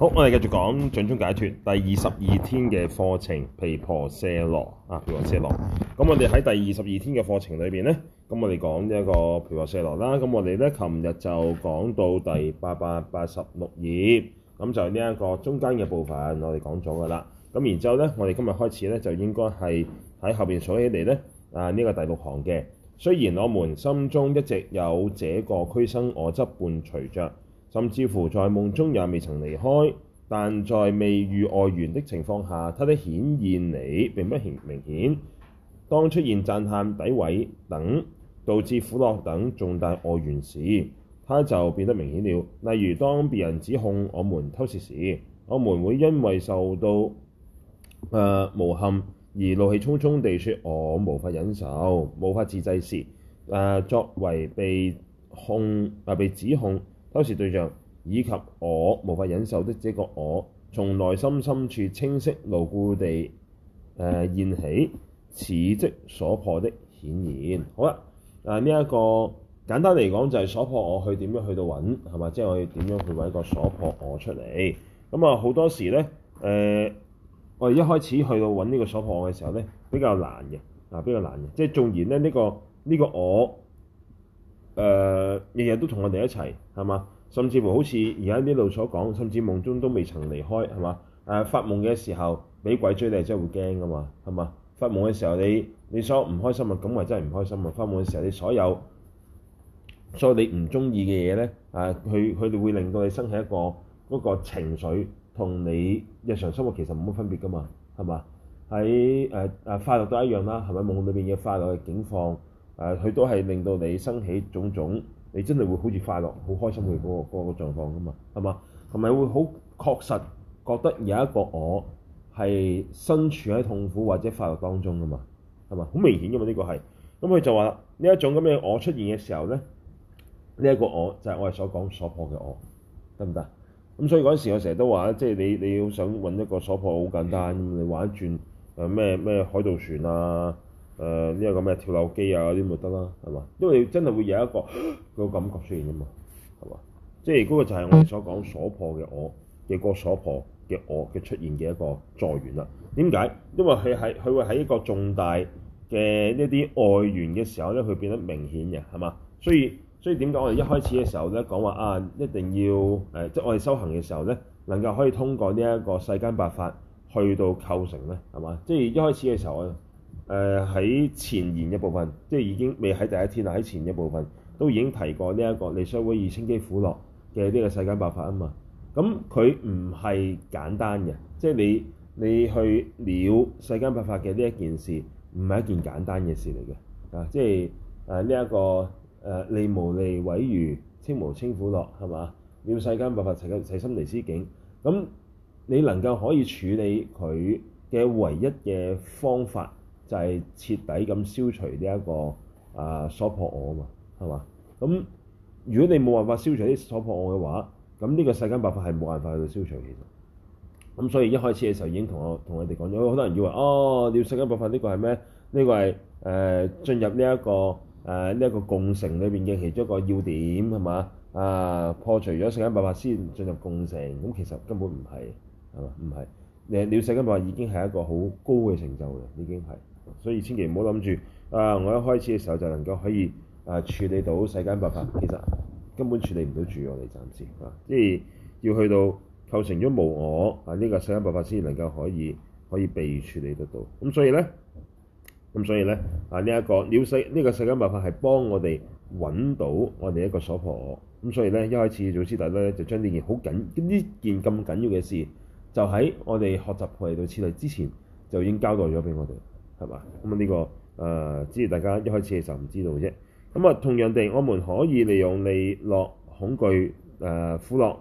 好，我哋繼續講《掌中解脫》第二十二天嘅課程，皮婆舍羅啊，皮婆舍羅。咁我哋喺第二十二天嘅課程裏邊咧，咁我哋講呢一個皮婆舍羅啦。咁我哋咧，琴日就講到第八百八十六頁，咁就係呢一個中間嘅部分我講了了，我哋講咗噶啦。咁然之後咧，我哋今日開始咧，就應該係喺後邊數起嚟咧，啊呢個第六行嘅。雖然我們心中一直有這個俱生，我執伴隨着。甚至乎在夢中也未曾離開，但在未遇外緣的情況下，他的顯現你並不明顯。當出現讚嘆、詆毀等導致苦樂等重大外緣時，他就變得明顯了。例如當別人指控我們偷竊時，我們會因為受到誒、呃、無憾而怒氣沖沖地說：我無法忍受，無法自制時，誒、呃、作為被控或、呃、被指控。呃當時對象以及我無法忍受的這個我，從內心深處清晰牢固地誒、呃、現起，此即所破的顯現。好啦、啊，誒呢一個簡單嚟講就係、是、所破我去點樣去到揾係嘛？即係我要點樣去揾一個所破我出嚟？咁啊好多時咧誒、呃，我哋一開始去到揾呢個所破我嘅時候咧，比較難嘅，但、啊、比較難嘅，即係縱然咧呢、這個呢、這個我。誒日日都同我哋一齊係嘛，甚至乎好似而家呢度所講，甚至夢中都未曾離開係嘛？誒、呃、發夢嘅時,時候，俾鬼追你真係會驚噶嘛？係嘛？發夢嘅時候，你你所唔開心嘅感覺真係唔開心啊！發夢嘅時候，你所有所有你唔中意嘅嘢咧，誒佢佢哋會令到你生起一個嗰、嗰個、情緒，同你日常生活其實冇乜分別噶嘛？係嘛？喺誒誒快樂都一樣啦，係咪夢裏邊嘅快樂嘅境況？誒佢、啊、都係令到你生起種種，你真係會好似快樂、好開心嘅嗰、那個嗰、那個狀況噶嘛，係嘛？同埋會好確實覺得有一個我係身處喺痛苦或者快樂當中噶嘛，係嘛？好明顯噶嘛呢個係。咁、嗯、佢就話呢一種咁嘅我出現嘅時候咧，呢、這、一個我就係我哋所講所破嘅我，得唔得？咁、嗯、所以嗰陣時我成日都話即係你你要想搵一個所破好簡單，你玩一轉誒咩咩海盜船啊？誒呢一個咩跳樓機啊嗰啲咪得啦，係嘛？因為真係會有一個、這個感覺出現啊嘛，係嘛？即係嗰個就係我哋所講所破嘅我嘅、這個所破嘅我嘅、這個、出現嘅一個助緣啦。點解？因為佢喺佢會喺一個重大嘅呢啲外緣嘅時候咧，佢變得明顯嘅，係嘛？所以所以點解我哋一開始嘅時候咧講話啊，一定要誒、呃，即係我哋修行嘅時候咧，能夠可以通過呢一個世間八法去到構成咧，係嘛？即係一開始嘅時候我。誒喺前言一部分，即係已經未喺第一天啦。喺前一部分都已經提過呢一個利衰毀譽稱譏苦樂嘅呢個世間八法啊嘛。咁佢唔係簡單嘅，即係你你去了世間八法嘅呢一件事，唔係一件簡單嘅事嚟嘅啊。即係誒呢一個誒、啊、利無利毀譽稱無稱苦樂，係嘛？要世間八法齊心心嚟思境。咁、嗯、你能夠可以處理佢嘅唯一嘅方法。就係徹底咁消除呢、這、一個啊、呃、所破我啊嘛，係嘛咁？如果你冇辦法消除啲所破我嘅話，咁呢個世間八法係冇辦法去消除。其實咁，所以一開始嘅時候已經同我同你哋講咗，好多人以為哦，了世間八法呢個係咩？呢、這個係誒、呃、進入呢、這、一個誒呢一個共成裏邊嘅其中一個要點係嘛啊破除咗世間八法先進入共成咁，其實根本唔係係嘛唔係你了世間八法已經係一個好高嘅成就喇，已經係。所以千祈唔好諗住啊！我一開始嘅時候就能夠可以啊處理到世間百法，其實根本處理唔到住我哋，暫時啊，即係要去到構成咗無我啊呢個世間百法，先能夠可以可以被處理得到。咁所以咧，咁所以咧啊，呢一個要世呢個世間百法係幫我哋揾到我哋一個所破我。咁所以咧，一開始祖師大德咧，就將呢件好緊呢件咁緊要嘅事，就喺我哋學習菩提道次第之前，就已經交代咗俾我哋。係嘛咁啊？呢個誒，之前大家一開始嘅時候唔知道啫。咁啊，同樣地，我們可以利用利樂、恐懼、誒苦樂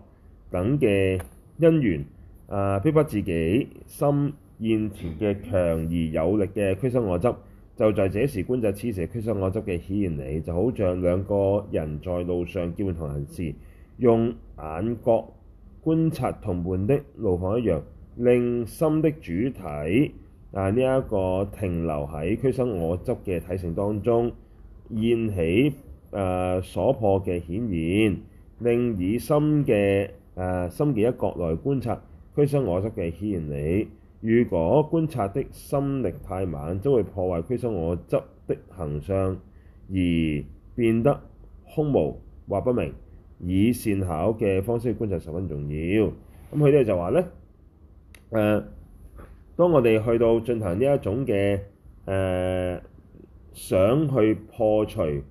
等嘅因緣，誒逼迫自己心現前嘅強而有力嘅俱生我執，就在此時觀察此時俱生我執嘅顯現嚟，就好像兩個人在路上見面同行時，用眼角觀察同伴的路況一樣，令心的主體。啊！呢一、呃這個停留喺驅生我執嘅體性當中，現起誒、呃、所破嘅顯現，令以心嘅誒深見、呃、一覺來觀察驅生我執嘅顯現，你如果觀察的心力太慢，將會破壞驅生我執的行相，而變得空無或不明。以善巧嘅方式觀察十分重要。咁佢哋就話咧誒。當我哋去到進行呢一種嘅誒、呃，想去破除呢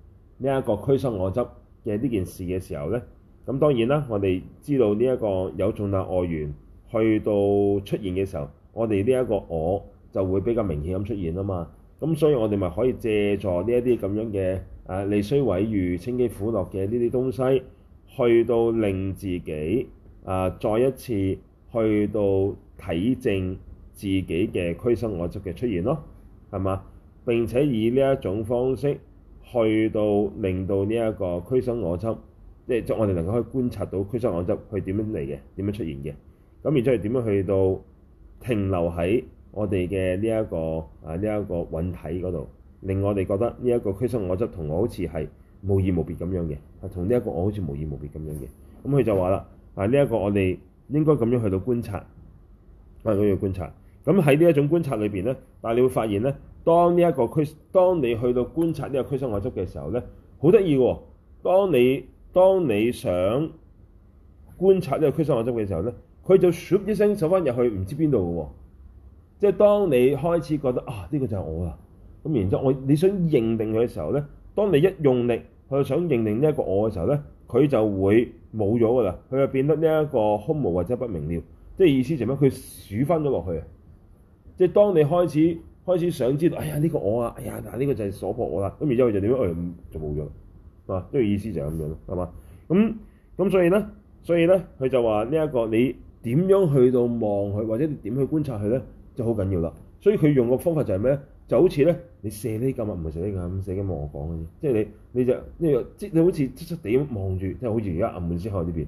一個俱生我執嘅呢件事嘅時候呢，咁當然啦，我哋知道呢一個有重大外緣去到出現嘅時候，我哋呢一個我就會比較明顯咁出現啊嘛。咁所以我哋咪可以借助呢一啲咁樣嘅誒利衰毀譽稱譏苦樂嘅呢啲東西，去到令自己啊再一次去到體證。自己嘅驅生我執嘅出現咯，係嘛？並且以呢一種方式去到令到呢一個驅生我執，即係我哋能夠可以觀察到驅生我執係點樣嚟嘅，點樣出現嘅。咁然之後點樣去到停留喺我哋嘅呢一個啊呢一個蘊體嗰度，令我哋覺得呢一個驅生我執同我好似係無異無別咁樣嘅，同呢一個我好似無異無別咁樣嘅。咁佢就話啦，啊呢一個我哋應該咁樣去到觀察，咁樣去觀察。咁喺呢一種觀察裏邊咧，但係你會發現咧，當呢一個區，當你去到觀察呢個區生外觸嘅時候咧，好得意嘅。當你，當你想觀察呢個區生外觸嘅時候咧，佢就咻一聲走翻入去，唔知邊度嘅喎。即係當你開始覺得啊，呢個就係我啦，咁然之後我，你想認定佢嘅時候咧，當你一用力去想認定呢一個我嘅時候咧，佢就會冇咗㗎啦。佢就變得呢一個空無或者不明瞭，即係意思做咩？佢鼠翻咗落去啊！即係當你開始開始想知道，哎呀呢個我啊，哎呀嗱呢個就係所破我啦，咁然之後就點樣？哎，就冇咗啦，啊，即係意思就係咁樣咯，係嘛？咁咁所以咧，所以咧，佢就話呢一個你點樣去到望佢，或者你點去觀察佢咧，就好緊要啦。所以佢用個方法就係咩？就好似咧，你射呢咁啊，唔係射呢咁，射緊、就是就是就是、望我講嘅啫。即係你你就呢個即你好似側側地咁望住，即係好似而家暗門之後呢邊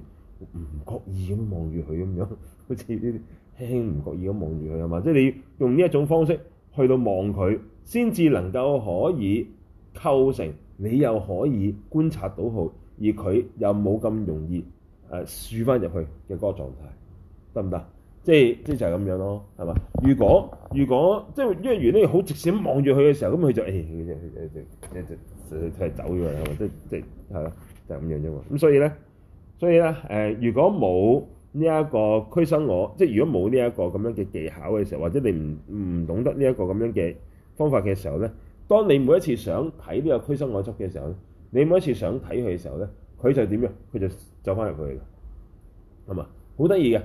唔覺意咁望住佢咁樣，好似呢啲。輕輕唔覺意咁望住佢啊嘛，即係、就係、你用呢一種方式去到望佢，先至能夠可以構成你又可以觀察到佢，而佢又冇咁容易誒竄翻入去嘅嗰個狀態，得唔得？即係即係就係咁樣咯，係嘛？如果如果即係一、哎哎哎哎就係呃、如呢好直線咁望住佢嘅時候，咁佢就誒誒誒誒誒誒誒誒誒誒誒誒誒誒誒誒誒誒誒誒誒誒誒誒誒誒誒誒誒誒誒誒呢一個俱生我執，即係如果冇呢一個咁樣嘅技巧嘅時候，或者你唔唔懂得呢一個咁樣嘅方法嘅時候咧，當你每一次想睇呢、這個俱生我執嘅時候咧，你每一次想睇佢嘅時候咧，佢就點樣？佢就走翻入去㗎，係嘛？呃、好得意嘅，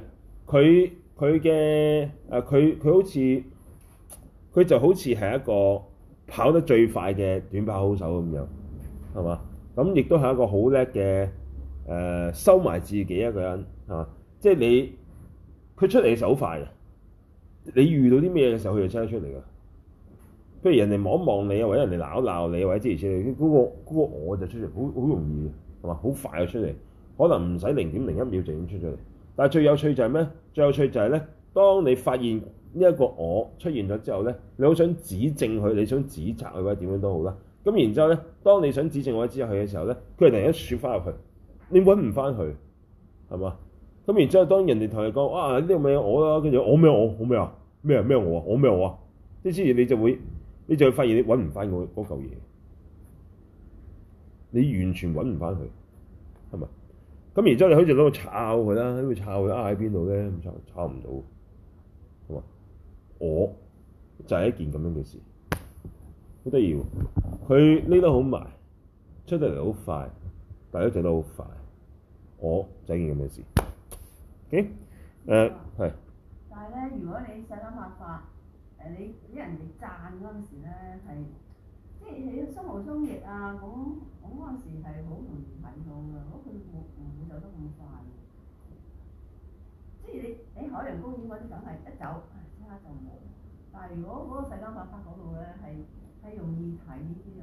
佢佢嘅誒，佢佢好似佢就好似係一個跑得最快嘅短跑好手咁樣，係嘛？咁亦都係一個好叻嘅誒收埋自己一個人，係嘛？即係你，佢出嚟嘅時候好快嘅。你遇到啲咩嘢嘅時候，佢就出嚟嘅。譬如人哋望一望你啊，或者人哋鬧一鬧你，或者之類之類，嗰個嗰個我就出嚟，好好容易嘅，係嘛？好快就出嚟，可能唔使零點零一秒就已經出咗嚟。但係最有趣就係咩？最有趣就係咧，當你發現呢一個我出現咗之後咧，你好想指證佢，你想指責佢或者點樣都好啦。咁然之後咧，當你想指證或者指責佢嘅時候咧，佢係突然一閃翻入去，你揾唔翻佢，係嘛？是咁然之後，當人哋同你講：啊，呢個咩我啦，跟住我咩我，好咩啊？咩啊？咩我啊？我咩我啊？即資源你就會，你就會發現你揾唔翻嗰嗰嚿嘢，你完全揾唔翻佢，係咪？咁然之後，你好似喺度抄佢啦，喺度抄佢啊，喺邊度咧？唔抄，抄唔到，係嘛？我就係、是、一件咁樣嘅事，好得意喎！佢匿得好埋，出得嚟好快，大家整得好快、快，我就係、一件咁嘅事。誒，係。 啊嗯、但係咧，如果你細、呃就是、心發發，誒你畀人哋贊嗰陣時咧，係即係你商務商業啊，我我嗰陣時係好容易睇到㗎，嗰佢冇唔會走得咁快。即、就、係、是、你喺、哎、海洋公園嗰啲梗係一走，即刻就冇。但係如果嗰個細心發發嗰度咧，係係容易睇呢啲㗎，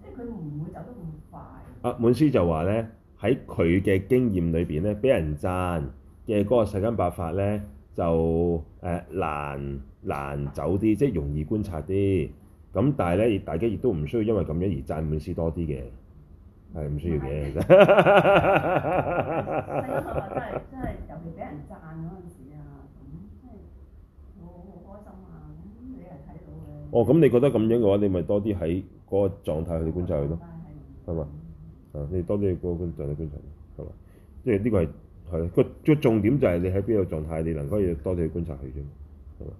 即係佢唔會走得咁快。阿、啊、滿師就話咧。喺佢嘅經驗裏邊咧，俾人讚嘅嗰個世間八法咧，就誒、呃、難難走啲，即係容易觀察啲。咁但係咧，大家亦都唔需要因為咁樣而讚滿師多啲嘅，係唔需要嘅。係，因真係真係，尤其俾人讚嗰陣時啊，咁即係我好開心啊！咁你係睇到嘅。哦，咁你覺得咁樣嘅話，你咪多啲喺嗰個狀態去觀察佢咯，係嘛？的啊！你多啲去觀觀，盡力觀察，係嘛？即係呢個係係個個重點，就係你喺邊個狀態，你能夠要多啲去觀察佢啫嘛，係嘛？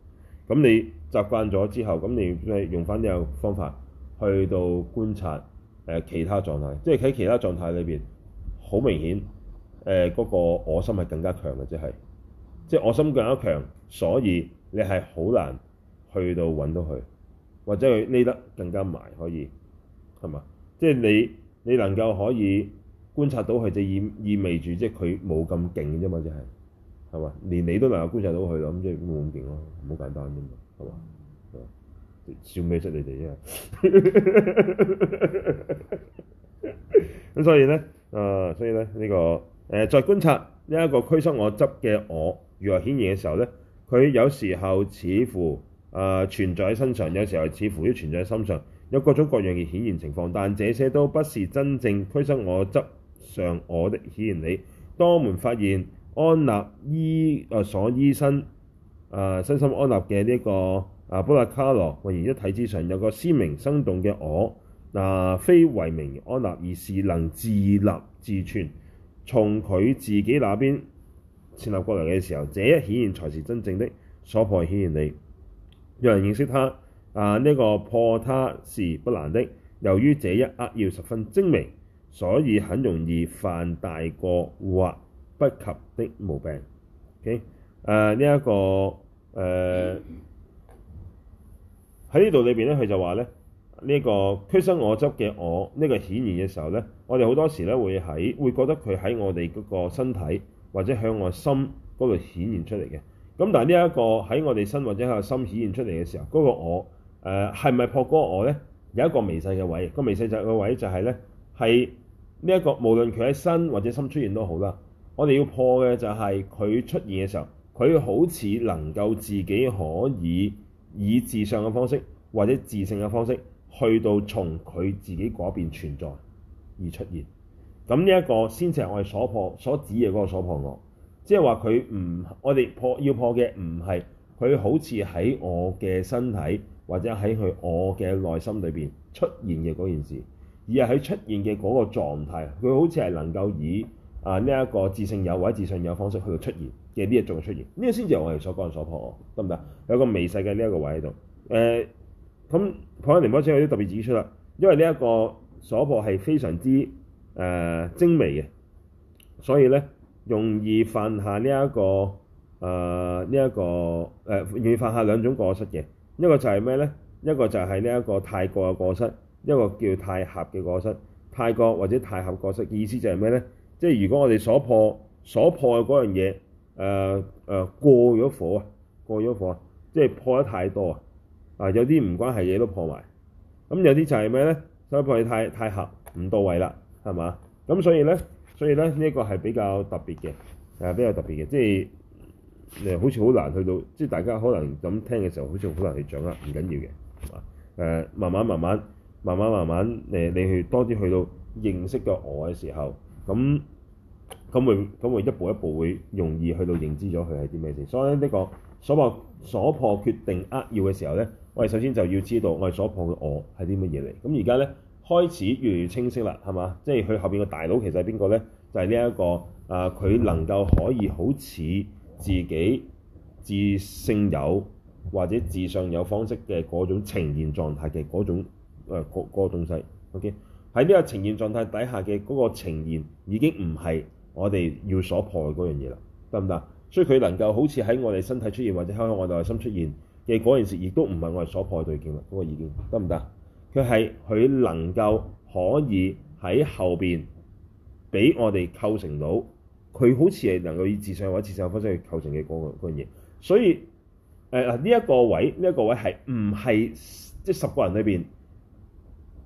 咁你習慣咗之後，咁你用翻呢個方法去到觀察誒、呃、其他狀態，即係喺其他狀態裏邊，好明顯誒嗰、呃那個我心係更加強嘅、就是，即係即係我心更加強，所以你係好難去到揾到佢，或者佢匿得更加埋，可以係嘛？即係你。你能夠可以觀察到佢，就意意味住即係佢冇咁勁啫嘛，即係係嘛？連你都能夠觀察到佢咯，咁即係冇咁勁咯，好簡單啫嘛，係嘛，笑咩出你哋啫？咁所以咧，啊、呃，所以咧呢、呢個誒，再、呃、觀察呢一個俱生我執嘅我如何顯現嘅時候咧，佢有時候似乎啊、呃、存在喺身上，有時候似乎都存在喺心上。有各種各樣嘅顯現情況，但這些都不是真正驅使我執上我的顯現你。當我們發現安立伊啊所醫生啊身心安立嘅呢個啊補特伽羅渾然一體之上，有個鮮明生動嘅我，嗱、啊、非為名安立，而是能自立自存。從佢自己那邊成立過來嘅時候，這一顯現才是真正的所破顯現你，有人認識他。啊！呢、這個破他，是不難的，由於這一壓要十分精明，所以很容易犯大過或不及的毛病。o、okay? 啊這個呃、呢一、這個誒喺呢度裏邊咧，佢就話咧，呢個俱生我執嘅我，呢、這個顯現嘅時候咧，我哋好多時咧會喺會覺得佢喺我哋嗰個身體或者喺我心嗰度顯現出嚟嘅。咁但係呢一個喺我哋身或者喺我心顯現出嚟嘅時候，嗰、那個我。誒係咪破個我呢？有一個微細嘅位，個微細就個位就係呢，係呢一個無論佢喺身或者心出現都好啦。我哋要破嘅就係佢出現嘅時候，佢好似能夠自己可以以自上嘅方式或者自性嘅方式去到從佢自己嗰邊存在而出現。咁呢一個先至係我哋所破所指嘅嗰個所破我，即係話佢唔，我哋破要破嘅唔係佢好似喺我嘅身體。或者喺佢我嘅內心裏邊出現嘅嗰件事，而係喺出現嘅嗰個狀態，佢好似係能夠以啊呢一個自性有或者自信有方式去到出現嘅呢一種出現，呢、這個先至係我哋所講嘅所破哦，得唔得？有個微細嘅呢一個位喺度，誒、呃、咁。普恩尼波車有都特別指出啦，因為呢一個所破係非常之誒、呃、精微嘅，所以咧容易犯下呢、這、一個啊呢一個誒、呃、容易犯下兩種過失嘅。一個就係咩咧？一個就係呢一個太過嘅過失，一個叫太狹嘅過失，太過或者太狹過失。意思就係咩咧？即係如果我哋所破所破嘅嗰樣嘢，誒誒過咗火啊，過咗火啊，即係破得太多啊！啊，有啲唔關係嘢都破埋，咁有啲就係咩咧？都破太太狹唔到位啦，係嘛？咁所以咧，所以咧呢一個係比較特別嘅，係、呃、比較特別嘅，即係。誒好似好難去到，即係大家可能咁聽嘅時候，好似好難去掌握。唔緊要嘅，誒、呃、慢慢慢慢慢慢慢慢誒，你去多啲去到認識到我嘅時候，咁咁會咁會一步一步會容易去到認知咗佢係啲咩先。所以呢、呢個所破所破決定扼要嘅時候咧，我哋首先就要知道我哋所破嘅我係啲乜嘢嚟。咁而家咧開始越嚟越清晰啦，係嘛？即係佢後邊個大佬其實係邊個咧？就係呢一個啊，佢能夠可以好似。自己自性有或者自上有方式嘅嗰種呈現狀態嘅嗰種誒嗰嗰個東西，OK，喺呢個呈現狀態底下嘅嗰個呈現已經唔係我哋要所破嘅嗰樣嘢啦，得唔得？所以佢能夠好似喺我哋身體出現或者喺我內心出現嘅嗰陣時，亦都唔係我哋所破嘅對境啦，嗰個意見，得唔得？佢係佢能夠可以喺後邊俾我哋構成到。佢好似係能夠以自上位、自上位方式去構成嘅嗰、嗰個樣嘢，嗰個、所以誒嗱呢一個位，呢、呢、一個位係唔係即十個人裏邊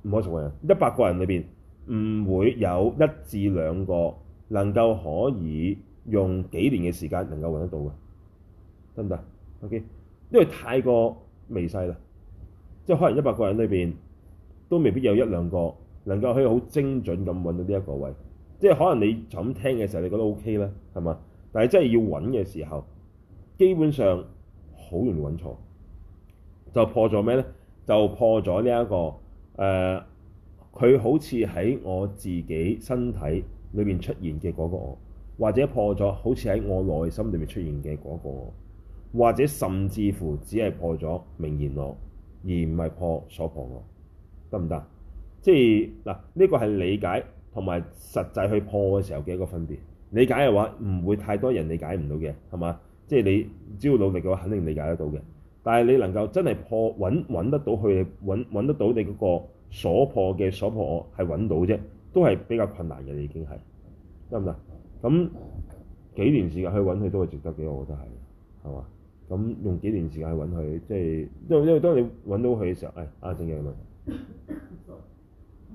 唔可以十個人，一百個人裏邊唔會有一至兩個能夠可以用幾年嘅時間能夠揾得到嘅，得唔得？OK，因為太過微細啦，即可能一百個人裏邊都未必有一兩個能夠可以好精準咁揾到呢一個位。即係可能你就咁聽嘅時候，你覺得 OK 咧，係嘛？但係真係要揾嘅時候，基本上好容易揾錯，就破咗咩咧？就破咗呢一個誒，佢、呃、好似喺我自己身體裏面出現嘅嗰個我，或者破咗好似喺我內心裏面出現嘅嗰個我，或者甚至乎只係破咗名言我，而唔係破所破我，得唔得？即係嗱，呢、這個係理解。同埋實際去破嘅時候嘅一個分別，理解嘅話唔會太多人理解唔到嘅，係嘛？即係你只要努力嘅話，肯定理解得到嘅。但係你能夠真係破揾揾得到佢，揾揾得到你嗰個所破嘅所破，所破我，我係揾到啫，都係比較困難嘅，你已經係得唔得？咁幾年時間去揾佢都係值得嘅，我覺得係，係嘛？咁用幾年時間去揾佢，即係因因為當你揾到佢嘅時候，誒、哎、阿、啊、正嘅問題。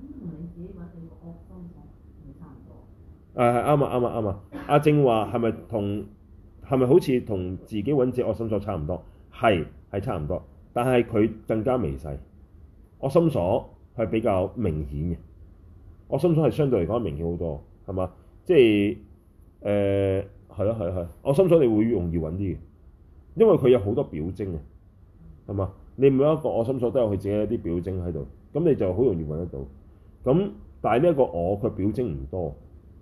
咁同誒係啱啊啱啊啱啊！阿正話係咪同係咪好似同自己揾隻惡心所差唔多？係係差唔多，但係佢更加微細。惡心所係比較明顯嘅，惡心所係相對嚟講明顯好多，係嘛？即係誒係咯係咯係。惡心所你會容易揾啲嘅，因為佢有好多表徵啊，係嘛？你每一個惡心所都有佢自己一啲表徵喺度，咁你就好容易揾得到。咁但係呢一個我佢表徵唔多，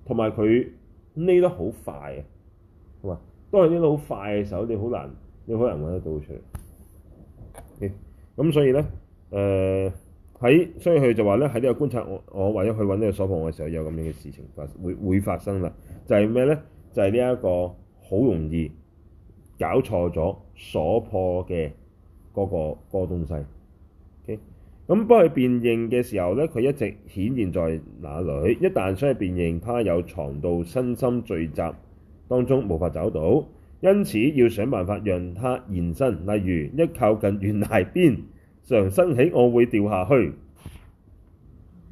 同埋佢匿得好快嘅，係嘛？都係匿得好快嘅時候，你好難，你好難揾得到出嚟。咁、okay. 所以咧，誒、呃、喺所以佢就話咧，喺呢個觀察我，我或者去揾呢個所破嘅時候，有咁樣嘅事情發生會會發生啦，就係咩咧？就係呢一個好容易搞錯咗所破嘅嗰個嗰個東西。咁不去辨認嘅時候咧，佢一直顯現在那裡。一旦想去辨認，他有藏到身心聚集當中，無法找到。因此要想辦法讓他現身，例如一靠近懸崖邊，常生起我會掉下去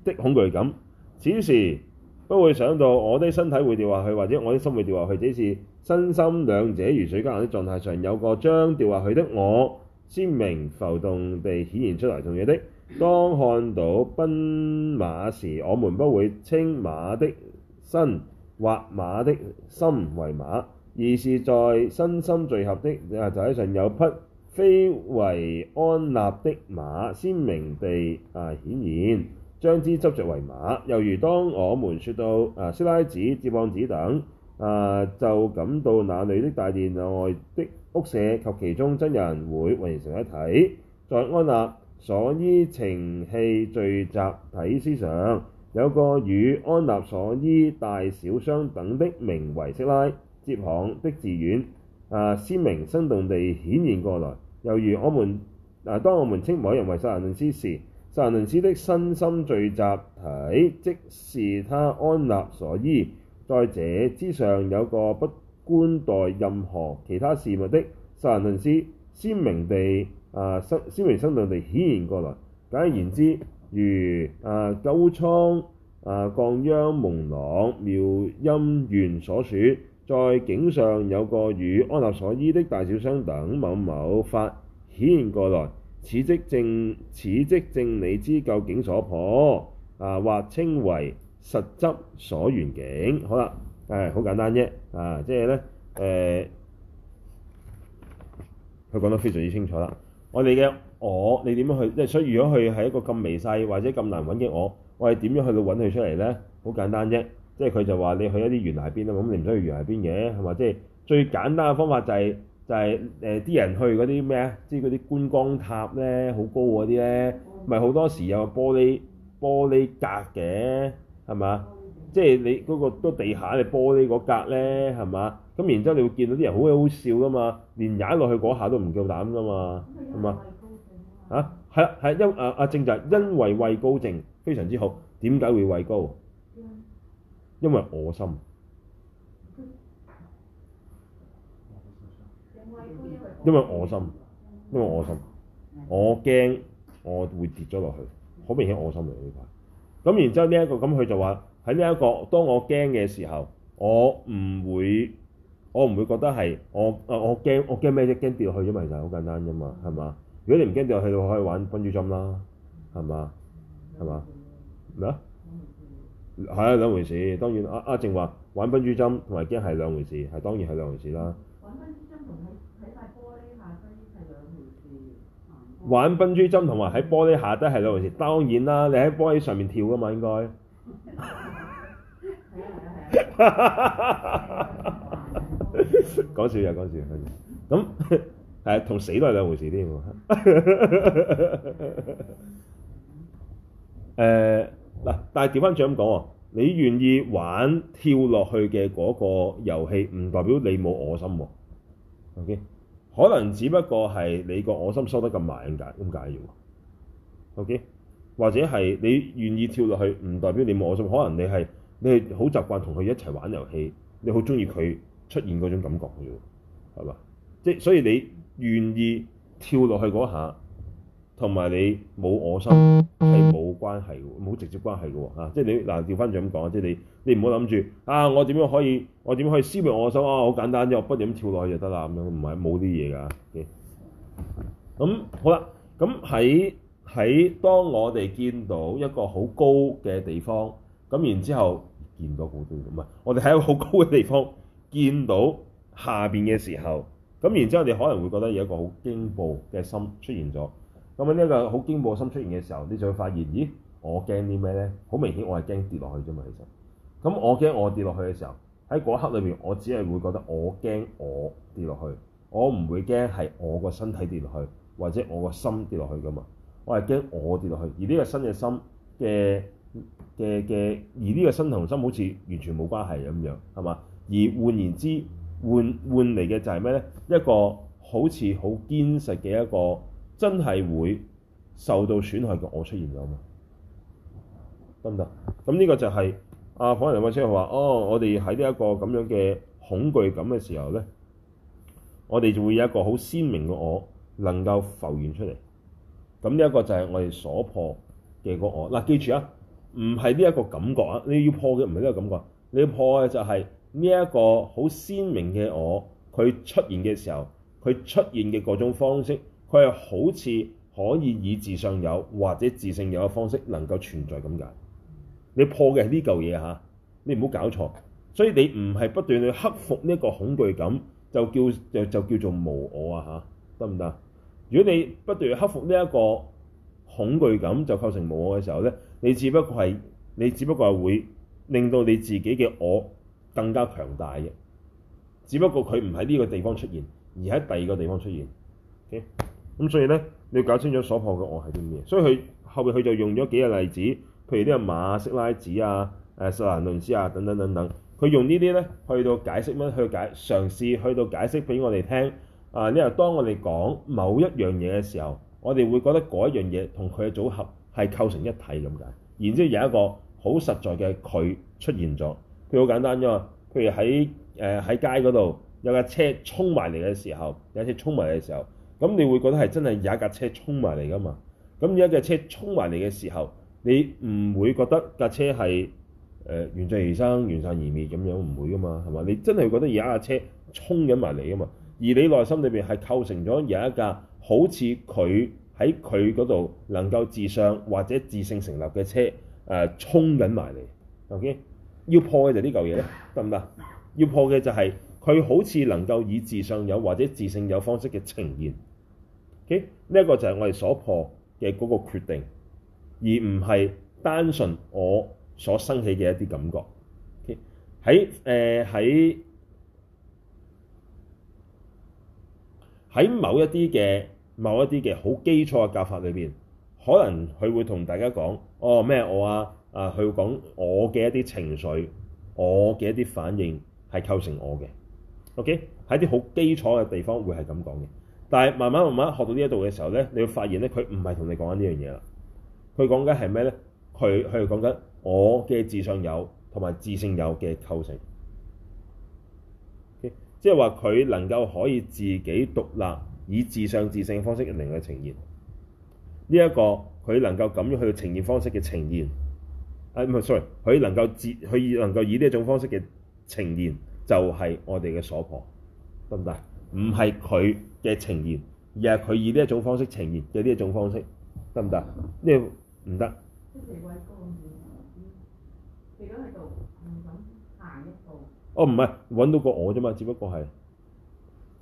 的恐懼感。此時不會想到我的身體會掉下去，或者我的心會掉下去。只是身心兩者如水交合的狀態上，有個將掉下去的我，鮮明浮動地顯現出來，同樣的。當看到奔馬時，我們不會稱馬的身或馬的心為馬，而是在身心聚合的啊體上有匹非為安立的馬，鮮明地啊顯現，將之執着為馬。猶如當我們說到啊色拉寺、哲蚌寺等啊，就感到那裏的大殿內的屋舍及其中真人會圍成一體，在安立。所依情器聚集體思想，有個與安納所依大小相等的名為色拉、接行的字眼啊，鮮明生動地顯現過來。由於我們啊，當我們稱某人為殺人論師時，殺人論師的身心聚集體，即是他安納所依，在這之上有個不觀待任何其他事物的殺人論師，鮮明地。啊，生鮮明生動地顯現過來。簡言之，如啊鳩聰啊降央蒙朗妙音圓所說，在境上有個與安立所依的大小相等某某法顯現過來。此即正此即正理之究竟所破。啊，或稱為實執所緣境。好啦，誒、欸，好簡單啫。啊，即係咧，誒、欸，佢講得非常之清楚啦。我哋嘅我，你點樣去？即係所以，如果佢係一個咁微細或者咁難揾嘅我，我係點樣去到揾佢出嚟咧？好簡單啫，即係佢就話你去一啲懸崖邊啦。咁你唔想去懸崖邊嘅係嘛？即係最簡單嘅方法就係、是、就係誒啲人去嗰啲咩啊？即係嗰啲觀光塔咧，好高嗰啲咧，咪好多時有玻璃玻璃格嘅係嘛？即係你嗰個嗰地下你玻璃嗰格咧，係嘛？咁然之後你會見到啲人好鬼好笑㗎嘛，連踩落去嗰下都唔夠膽㗎嘛，係嘛？嚇係啦，係因阿阿正就係因為畏高症，非常之好。點解會畏高？因為我心，因為我心，因為我心，我驚我會跌咗落去，好明顯我心嚟呢排。咁然之後呢、這、一個咁佢就話。喺呢一個？當我驚嘅時候，我唔會，我唔會覺得係我啊！我驚，我驚咩啫？驚掉落去啫嘛，其實好簡單啫嘛，係嘛？如果你唔驚掉落去，我可以玩分珠針啦，係嘛？係嘛？咩啊吧？係啊，麼兩回事。當然，阿阿靜話玩分珠針同埋驚係兩回事，係當然係兩回事啦。玩分珠針同喺喺塊玻璃下邊係兩回事。玩分珠針同埋喺玻璃下都係兩回事。當然啦、嗯，你喺玻璃上面跳噶嘛，應該。講笑又講笑，咁係同死都係兩回事添喎。誒，嗱，但係調翻轉咁講喎，你願意玩跳落去嘅嗰個遊戲，唔代表你冇我心。OK，可能只不過係你個我心收得咁慢，解點解，解要？OK？或者係你願意跳落去，唔代表你冇我心。可能你係你係好習慣同佢一齊玩遊戲，你好中意佢出現嗰種感覺嘅喎，係嘛？即係所以你願意跳落去嗰下，同埋你冇我心係冇關係嘅，冇直接關係嘅喎嚇。即係你嗱調翻轉咁講，即係你你你唔好諗住啊！我點樣可以我點樣可以撕裂我心啊？好簡單啫，我不斷咁跳落去就得啦咁樣，唔係冇啲嘢㗎。咁、嗯、好啦，咁喺喺當我哋見到一個好高嘅地方，咁然之後，後見到高啲，唔係我哋喺一個好高嘅地方見到下邊嘅時候，咁然之後，你可能會覺得有一個好驚怖嘅心出現咗。咁樣呢個好驚怖嘅心出現嘅時候，你就會發現，咦，我驚啲咩呢？好明顯我，我係驚跌落去啫嘛。其實咁我驚我跌落去嘅時候，喺嗰一刻裏面，我只係會覺得我驚我跌落去，我唔會驚係我個身體跌落去，或者我個心跌落去噶嘛。我係驚我跌落去，而呢個身嘅心嘅嘅嘅，而呢個身同心好似完全冇關係咁樣，係嘛？而換言之，換換嚟嘅就係咩咧？一個好似好堅實嘅一個真係會受到損害嘅我出現咗啊嘛？得唔得？咁呢個就係阿火人話即係話哦，我哋喺呢一個咁樣嘅恐懼感嘅時候咧，我哋就會有一個好鮮明嘅我能夠浮現出嚟。咁呢一個就係我哋所破嘅個我。嗱，啊，記住啊，唔係呢一個感覺啊，你要破嘅唔係呢個感覺，你要破嘅就係呢一個好鮮明嘅我，佢出現嘅時候，佢出現嘅各種方式，佢係好似可以以自上有或者自性有嘅方式能夠存在咁㗎。你破嘅係呢嚿嘢嚇，你唔好搞錯。所以你唔係不斷去克服呢一個恐懼感，就叫就就叫做無我啊嚇，得唔得？如果你不斷克服呢一個恐懼感，就構成冇我嘅時候咧，你只不過係你只不過係會令到你自己嘅我更加強大嘅，只不過佢唔喺呢個地方出現，而喺第二個地方出現。咁、okay? 所以咧，你要搞清楚所破嘅我係啲咩。所以佢後面佢就用咗幾個例子，譬如呢個馬、色拉子啊、誒塞蘭論師啊等等等等，佢用呢啲咧去到解釋乜，去解嘗試去到解釋俾我哋聽。啊！因為當我哋講某一樣嘢嘅時候，我哋會覺得嗰一樣嘢同佢嘅組合係構成一體咁解。然之後有一個好實在嘅佢出現咗，佢好簡單啫嘛。譬如喺誒喺街嗰度有架車衝埋嚟嘅時候，有架車衝埋嚟嘅時候，咁你會覺得係真係有一架車衝埋嚟噶嘛？咁有一架車衝埋嚟嘅時候，你唔會覺得架車係誒緣聚而生、緣散而滅咁樣唔會噶嘛？係嘛？你真係覺得有一架車衝緊埋嚟噶嘛？而你內心裏邊係構成咗有一架好似佢喺佢嗰度能夠自上或者自性成立嘅車，誒、呃、衝緊埋嚟。OK，要破嘅就呢嚿嘢咧，得唔得？要破嘅就係佢好似能夠以自上有或者自性有方式嘅呈現。OK，呢一個就係我哋所破嘅嗰個決定，而唔係單純我所生起嘅一啲感覺。OK，喺誒喺。呃喺某一啲嘅某一啲嘅好基礎嘅教法裏邊，可能佢會同大家講：哦咩我啊啊，佢會講我嘅一啲情緒，我嘅一啲反應係構成我嘅。OK，喺啲好基礎嘅地方會係咁講嘅。但係慢慢慢慢學到呢一度嘅時候咧，你會發現咧，佢唔係同你講緊呢樣嘢啦。佢講緊係咩咧？佢佢係講緊我嘅自性有同埋自性有嘅構成。即係話佢能夠可以自己獨立，以自上自性嘅方式嚟嚟呈現。呢、這、一個佢能夠咁樣去呈現方式嘅呈現，誒唔係 sorry，佢能夠自佢能夠以呢一種方式嘅呈現，就係、是、我哋嘅所破，得唔得？唔係佢嘅呈現，而係佢以呢一種方式呈現嘅呢一種方式，得唔得？呢唔得。哦，唔係揾到個我啫嘛，只不過係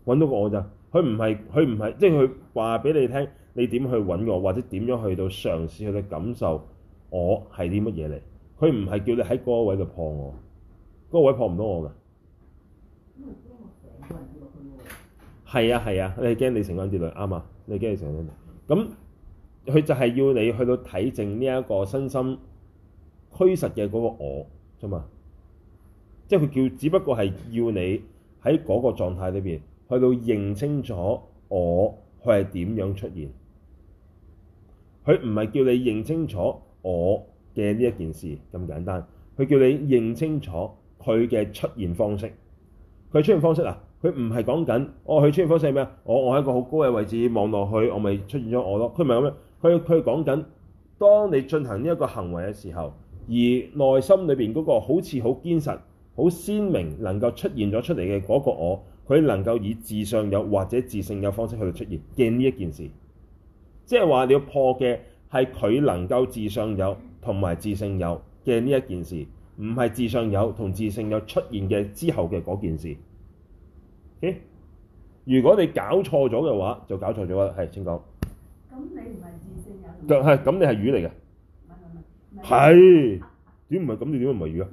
揾到個我咋。佢唔係，佢唔係，即係佢話俾你聽，你點去揾我，或者點樣去到嘗試去感受我係啲乜嘢嚟。佢唔係叫你喺嗰個位度破我，嗰個位破唔到我㗎。係啊係啊，你係驚你成個啲女啱啊？你驚你成個啲女。咁佢就係要你去到體證呢一個身心虛實嘅嗰個我啫嘛。即係佢叫，只不過係要你喺嗰個狀態裏邊去到認清楚我佢係點樣出現。佢唔係叫你認清楚我嘅呢一件事咁簡單，佢叫你認清楚佢嘅出現方式。佢出現方式啊，佢唔係講緊我佢出現方式係咩啊？我我喺一個好高嘅位置望落去，我咪出現咗我咯。佢咪咁樣，佢佢講緊當你進行呢一個行為嘅時候，而內心裏邊嗰個好似好堅實。好鮮明能夠出現咗出嚟嘅嗰個我，佢能夠以自上有或者自性有方式去到出現嘅呢一件事，即係話你要破嘅係佢能夠自上有同埋自性有嘅呢一件事，唔係自上有同自性有出現嘅之後嘅嗰件事。如果你搞錯咗嘅話，就搞錯咗啦。係，請講。咁你唔係自性有？就係咁，你係魚嚟嘅。係點唔係？咁是你點唔係魚啊？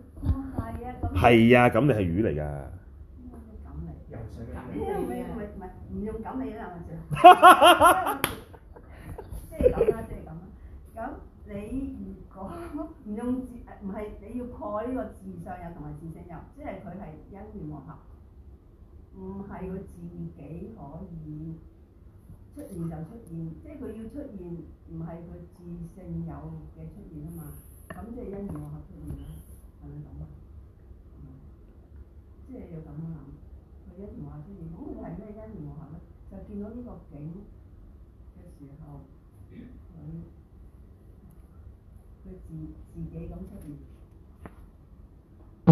係啊，咁你係魚嚟㗎。咁嚟游水嘅，唔係唔係唔係唔用咁嚟啊！即係咁啦，即係咁啦。咁你如果唔用字，唔係你要破呢個、就是、是自性有同埋自性有，即係佢係因緣和合，唔係佢自己可以出現就出現，即係佢要出現，唔係佢自性有嘅出現啊嘛。咁即係因緣和合出現啦，係咪咁啊？即係要咁樣諗，佢因緣和合出現，咁佢係咩因緣和合呢？係咪？就見到呢個景嘅時候，佢佢自自己咁出現，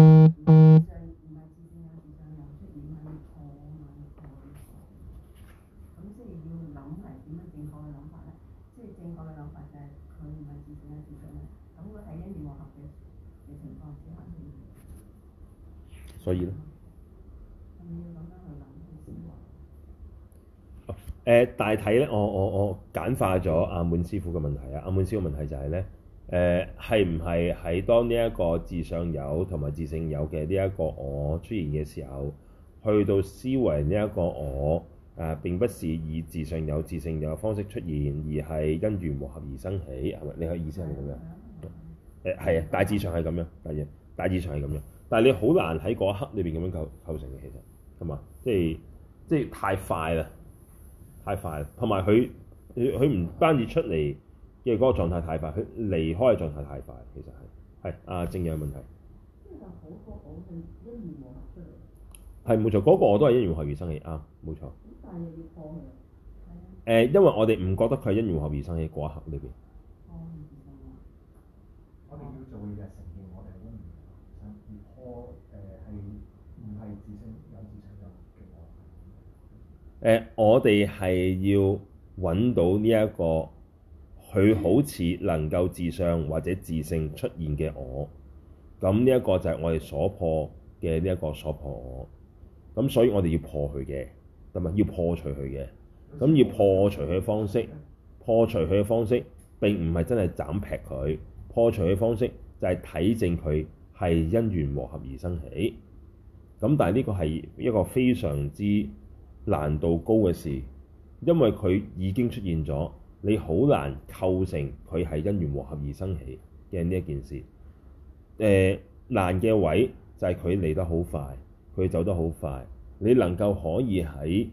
時唔係自性啊，時間又出現啊，熱火啊，熱火，咁即係要諗係點樣正確嘅諗法咧？即係正確嘅諗法就係佢唔係自性啊，自性咧，咁佢係因緣和合，或者嘅情況之下出現。所以咧。誒、呃、大體咧，我我我簡化咗阿滿師傅嘅問題啊。阿滿師傅問題就係、是、咧，誒係唔係喺當呢一個自上有同埋自性有嘅呢一個我出現嘅時候，去到思維呢一個我誒、呃，並不是以自上有、自性有嘅方式出現，而係因緣和合而生起，係咪？你嘅意思係咪咁樣？誒係啊，大致上係咁樣，大致大致上係咁樣，但係你好難喺嗰一刻裏邊咁樣構構成嘅，其實係嘛？即係即係太快啦～太快，同埋佢佢唔單止出嚟嘅嗰個狀態太快，佢離開嘅狀態太快，其實係係啊正有問題。因係冇錯，嗰、嗰個我都係因緣合而生起啊，冇錯。咁因為我哋唔覺得佢係因緣合而生起，嗰一刻裏邊。哦、我哋要做嘅係承認我哋嘅唔係自性。誒、呃，我哋係要揾到呢、這、一個，佢好似能夠自上或者自性出現嘅我，咁呢一個就係我哋所破嘅呢一個所破我，咁所以我哋要破佢嘅，係咪要破除佢嘅，咁要破除佢嘅方式，破除佢嘅方式並唔係真係斬劈佢，破除佢嘅方式就係睇證佢係因緣和合而生起，咁但係呢個係一個非常之難度高嘅事，因為佢已經出現咗，你好難構成佢係因緣和合而生起嘅呢一件事。誒、呃、難嘅位就係佢嚟得好快，佢走得好快。你能夠可以喺誒、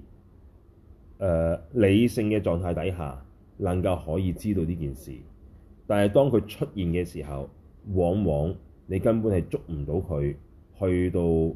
呃、理性嘅狀態底下，能夠可以知道呢件事，但係當佢出現嘅時候，往往你根本係捉唔到佢去到。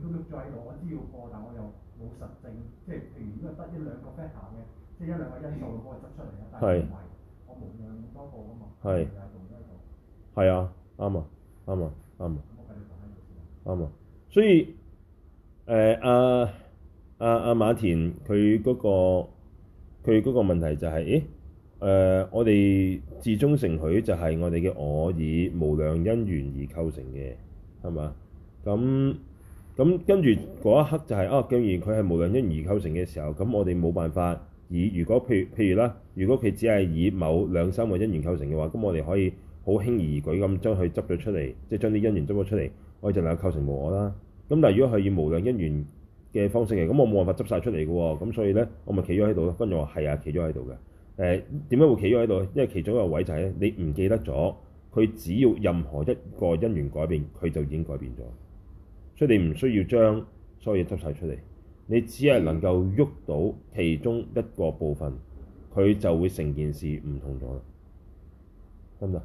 即係譬如如果得一兩個 fact 行嘅，即係一兩個因素可以執出嚟，但係我無量咁多個㗎嘛，係是啊，係啊，啱啊，啱啊，啱啊，啱啊，所以誒、呃、啊啊啊馬田佢嗰、那個佢嗰個問題就係、是，咦、欸，誒、啊、我哋自宗承許就係我哋嘅我以無量因緣而構成嘅，係嘛？咁咁跟住嗰一刻就係哦，既然佢係無量因緣而構成嘅時候，咁我哋冇辦法以。而如果譬如譬如啦，如果佢只係以某兩三個因緣構成嘅話，咁我哋可以好輕而易舉咁將佢執咗出嚟，即係將啲因緣執咗出嚟，我哋就能夠構成無我啦。咁但係如果佢以無量因緣嘅方式嚟，咁我冇辦法執晒出嚟嘅喎。咁所以咧，我咪企咗喺度咯。跟住我話係啊，企咗喺度嘅。誒，點解會企咗喺度咧？因為其中一個位就係，你唔記得咗，佢只要任何一個因緣改變，佢就已經改變咗。所以你唔需要將所有嘢執晒出嚟，你只係能夠喐到其中一個部分，佢就會成件事唔同咗啦，得唔得？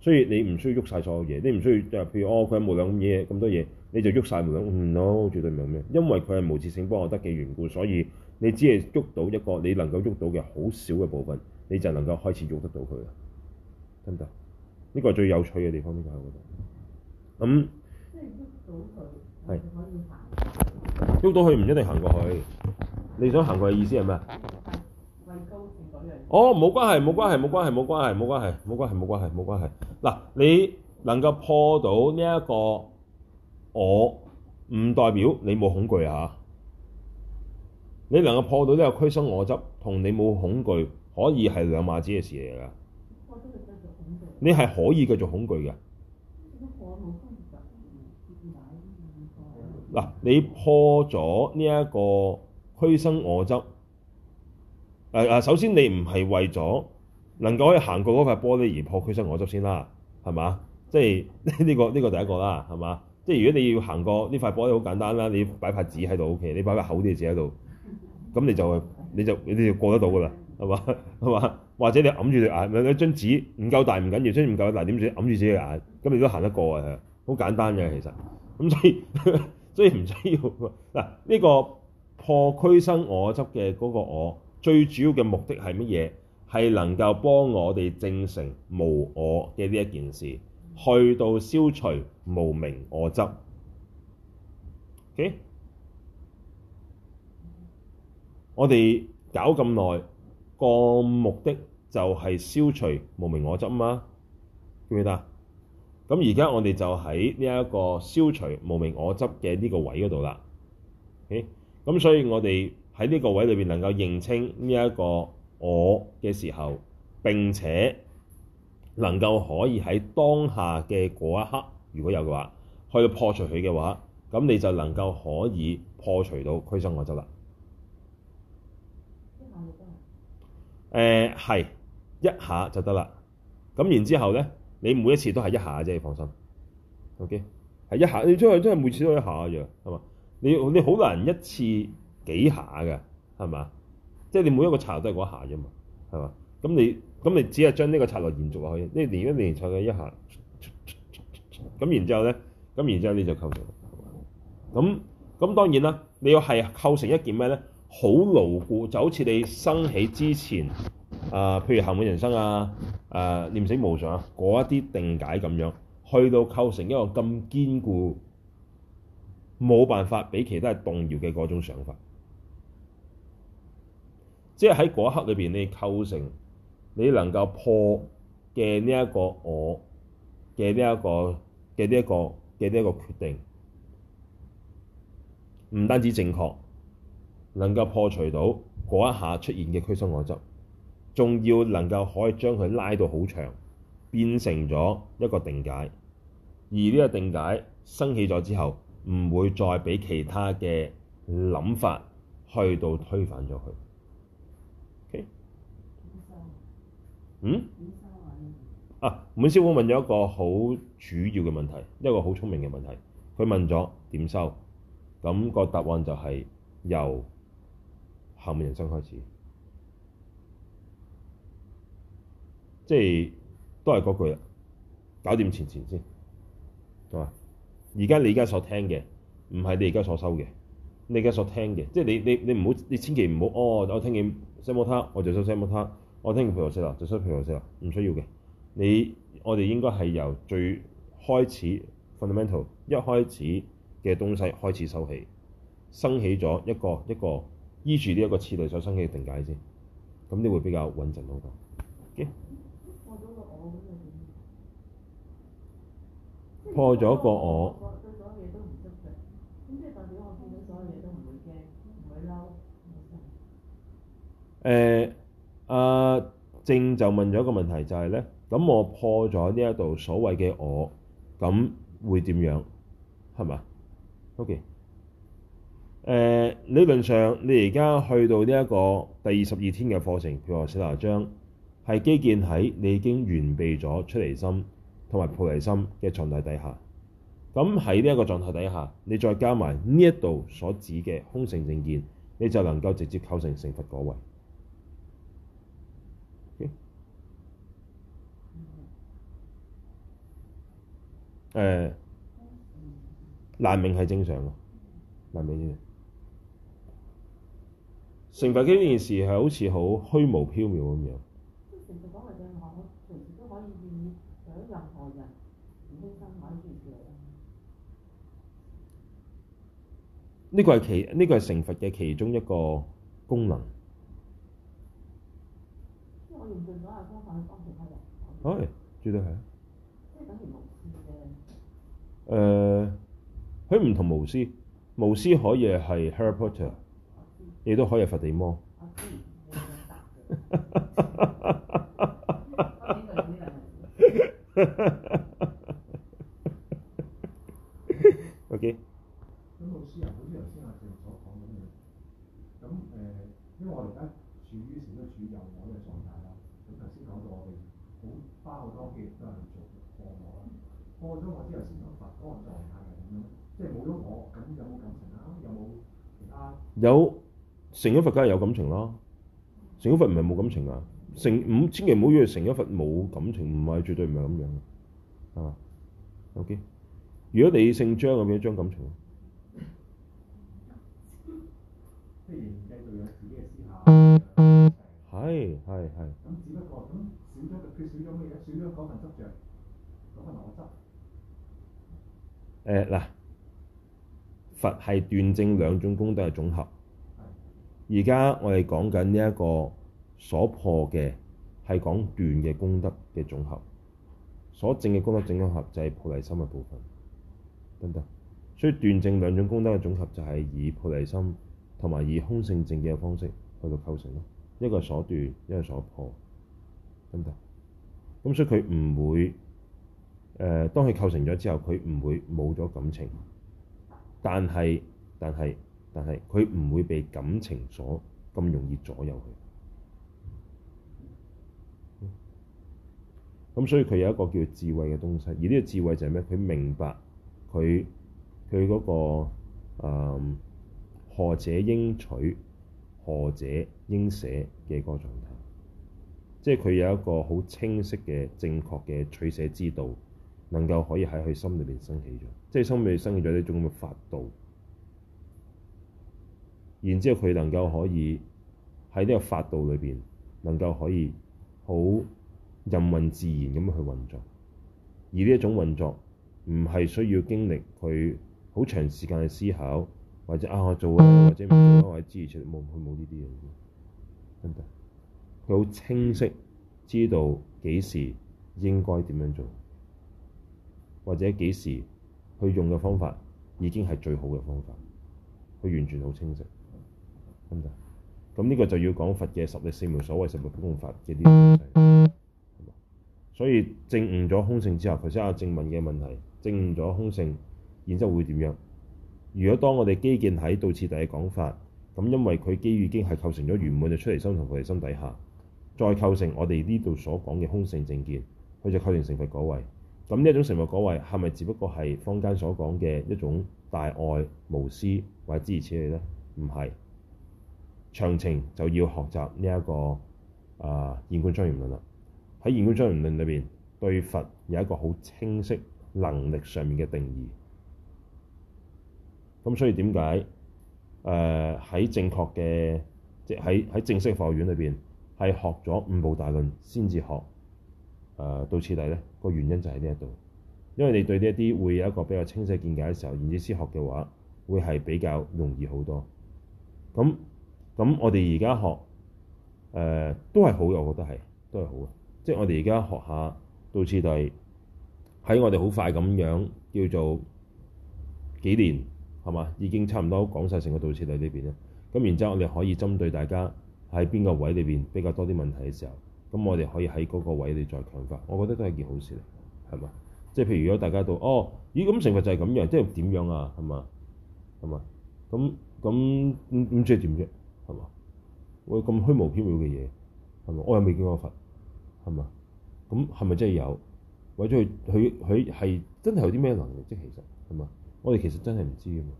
所以你唔需要喐晒所有嘢，你唔需要譬如哦，佢一無兩嘢咁多嘢，你就喐晒。冇、嗯、兩，唔、no, 好絕對冇咩。因為佢係無自性幫我得嘅緣故，所以你只係喐到一個你能夠喐到嘅好少嘅部分，你就能夠開始喐得到佢啦，得唔得？呢、這個係最有趣嘅地方，呢、這個係我覺得咁。嗯喐到去，係喐到去唔一定行過去，你想行過去意思係咩？哦，冇關係，冇關係，冇關係，冇關係，冇關係，冇關係，冇關係。嗱，你能夠破到呢、這、一個我，唔代表你冇恐懼啊！吓，你能夠破到呢個俱生我執，同你冇恐懼，可以係兩碼子嘅事嚟噶。你係可以繼續恐懼嘅。嗱、啊，你破咗呢一個俱生我執，誒、啊、誒，首先你唔係為咗能夠去行過嗰塊玻璃而破俱生我執先啦，係嘛？即係呢、這個呢、這個第一個啦，係嘛？即係如果你要行過呢塊玻璃，好簡單啦，你擺塊紙喺度 OK，你擺塊厚啲嘅紙喺度，咁你，你就你就你你就過得到噶啦，係嘛？係嘛？或者你揞住隻眼，兩張紙唔夠大唔緊要，張紙唔夠大點算？揞住自己隻眼，咁你都行得過嘅，好簡單嘅其實，咁所以。 所以唔需要嗱，呢、這個破俱生我執嘅嗰個我，最主要嘅目的係乜嘢？係能夠幫我哋證成無我嘅呢一件事，去到消除無明我執。OK，我哋搞咁耐，個目的就係消除無明我執嘛，明嗎？記得。咁而家我哋就喺呢一個消除無明我執嘅呢個位嗰度啦。咁所以我哋喺呢個位裏邊能夠認清呢一個我嘅時候，並且能夠可以喺當下嘅嗰一刻，如果有嘅話，去破除佢嘅話，咁你就能夠可以破除到俱生我執啦。誒、呃，係一下就得啦。咁然之後呢？你每一次都係一下啫，放心。OK，係一下。你出去真係每次都一下啫，係嘛？你你好難一次幾下嘅，係嘛？即係你每一個策略都係嗰一下啫嘛，係嘛？咁你咁你只係將呢個策略延續落去，呢連一連再佢一下，咁然之後咧，咁然之後你就構成。咁咁當然啦，你要係構成一件咩咧？好牢固，就好似你生起之前。啊、呃，譬如行悔人生啊，啊、呃，念死無常啊，嗰一啲定解咁樣，去到構成一個咁堅固，冇辦法俾其他嘢動搖嘅嗰種想法。即係喺嗰一刻裏邊，你構成你能夠破嘅呢一個我嘅呢一個嘅呢一個嘅呢一個決定，唔單止正確，能夠破除到嗰一下出現嘅虛心外執。仲要能夠可以將佢拉到好長，變成咗一個定解，而呢個定解生起咗之後，唔會再俾其他嘅諗法去到推翻咗佢。Okay? 嗯？啊！滿師傅問咗一個好主要嘅問題，一個好聰明嘅問題。佢問咗點收，咁、那個答案就係由後面人生開始。即係都係嗰句啦，搞掂前前先。係嘛？而家你而家所聽嘅唔係你而家所收嘅，你而家所聽嘅即係你你你唔好你千祈唔好哦。我聽見西摩他，我就收西摩他；我聽見培羅石啦，就收培羅石啦。唔需要嘅。你我哋應該係由最開始 fundamental 一開始嘅東西開始收起，升起咗一個一個依住呢一個次類所升起嘅定解先，咁你會比較穩陣好多嘅。Okay? 破咗個我，欸。咁即係代表我見到所有嘢都唔會驚，都唔會嬲。誒，阿正就問咗一個問題，就是，就係咧，咁我破咗呢一度所謂嘅我，咁會點樣？係咪？OK，誒，理論上你而家去到呢一個第二十二天嘅課程，譬如話四廿章，係基建喺你已經完備咗出離心。同埋菩提心嘅狀態底下，咁喺呢一個狀態底下，你再加埋呢一度所指嘅空性正見，你就能夠直接構成成佛果位。誒、okay? uh，難明係正常嘅，難明啲嘅。成佛呢件事係好似好虛無縹緲咁樣。呢個係其，呢個係成佛嘅其中一個功能。即係我用盡所有方法幫其他人。唉，絕對係。即係等於無。誒，佢唔同巫師，巫師可以係 Harry Potter，亦都可以係伏地魔。 OK。因為我而家處於什麼，處於有我嘅狀態啦。咁頭先講到我哋好花好多精力都係做破我啦。破咗我之後先到佛嗰個狀態係點樣？即係冇咗我，咁有冇感情啊？有冇其他？有，成咗佛梗係有感情啦。成咗佛唔係冇感情㗎。五，千祈唔好以為成一佛冇感情，唔係絕對唔係咁樣嘅，係嘛？OK。如果你姓張，有幾張感情？即係形成佢有自己嘅思想咁樣嘅問題。係係係。咁只不過咁，少咗缺少咗咩嘢？少咗九份執著，九份我執。誒嗱，佛係斷正兩種功德嘅總合。而家是我哋講緊呢一個。所破嘅係講斷嘅功德嘅總合，所證嘅功德整對對正功德總合，就係菩提心嘅部分，等等。所以斷證兩種功德嘅總合，就係以菩提心同埋以空性證嘅方式去到構成咯。一個係所斷，一個係所破，等等。咁所以佢唔會誒、呃，當佢構成咗之後，佢唔會冇咗感情，但係但係但係佢唔會被感情所咁容易左右佢。咁所以佢有一個叫智慧嘅東西，而呢個智慧就係咩？佢明白佢佢嗰個誒、嗯、何者應取，何者應捨嘅個狀態，即係，佢有一個好清晰嘅正確嘅取捨之道，能夠可以喺佢心裏邊升起咗，即係心裏邊升起咗呢種咁嘅法道。然之後，佢能夠可以喺呢個法道裏邊，能夠可以好。任運自然咁樣去運作，而呢一種運作唔係需要經歷佢好長時間嘅思考，或者啊我做啊或者唔做啊，或者支持出冇佢冇呢啲嘢嘅，得唔得？佢好清晰知道幾時應該點樣做，或者幾時去用嘅方法已經係最好嘅方法，佢完全好清晰，得唔得？咁呢個就要講佛嘅十力四無所畏十力共法嘅啲。所以證悟咗空性之後，頭先阿正問嘅問題，證悟咗空性，然之後會點樣？如果當我哋基建喺道次第嘅講法，咁因為佢基於已經係構成咗原本嘅出離心同菩提心底下，再構成我哋呢度所講嘅空性正見，佢就構成成佛果位。咁呢一種成佛果位係咪只不過係坊間所講嘅一種大愛無私或者諸如此類呢？唔係，詳情就要學習呢一個啊、呃、現觀莊嚴論啦。喺《現觀莊嚴論》裏邊，對佛有一個好清晰能力上面嘅定義。咁所以點解誒喺正確嘅，即係喺正式嘅佛學院裏邊係學咗《五部大論》先至學誒道次第呢個原因就喺呢一度，因為你對呢一啲會有一個比較清晰見解嘅時候，然之後學嘅話會係比較容易好多。咁咁，我哋而家學誒、呃、都係好嘅，我覺得係都係好嘅。即係我哋而家學下道次第，喺我哋好快咁樣叫做幾年係嘛，已經差唔多講晒成個道次第呢邊咧。咁然之後，我哋可以針對大家喺邊個位裏邊比較多啲問題嘅時候，咁我哋可以喺嗰個位裏再強化。我覺得都係件好事嚟，係嘛？即係譬如果大家都哦，咦咁成佛就係咁樣，即係點樣啊？係嘛？係嘛？咁咁咁咁即係點啫？係嘛？喂，咁虛無縹緲嘅嘢係嘛？我又未見過佛。係嘛？咁係咪真係有？或者佢，佢佢係真係有啲咩能力？即係其實係嘛？我哋其實真係唔知啊嘛，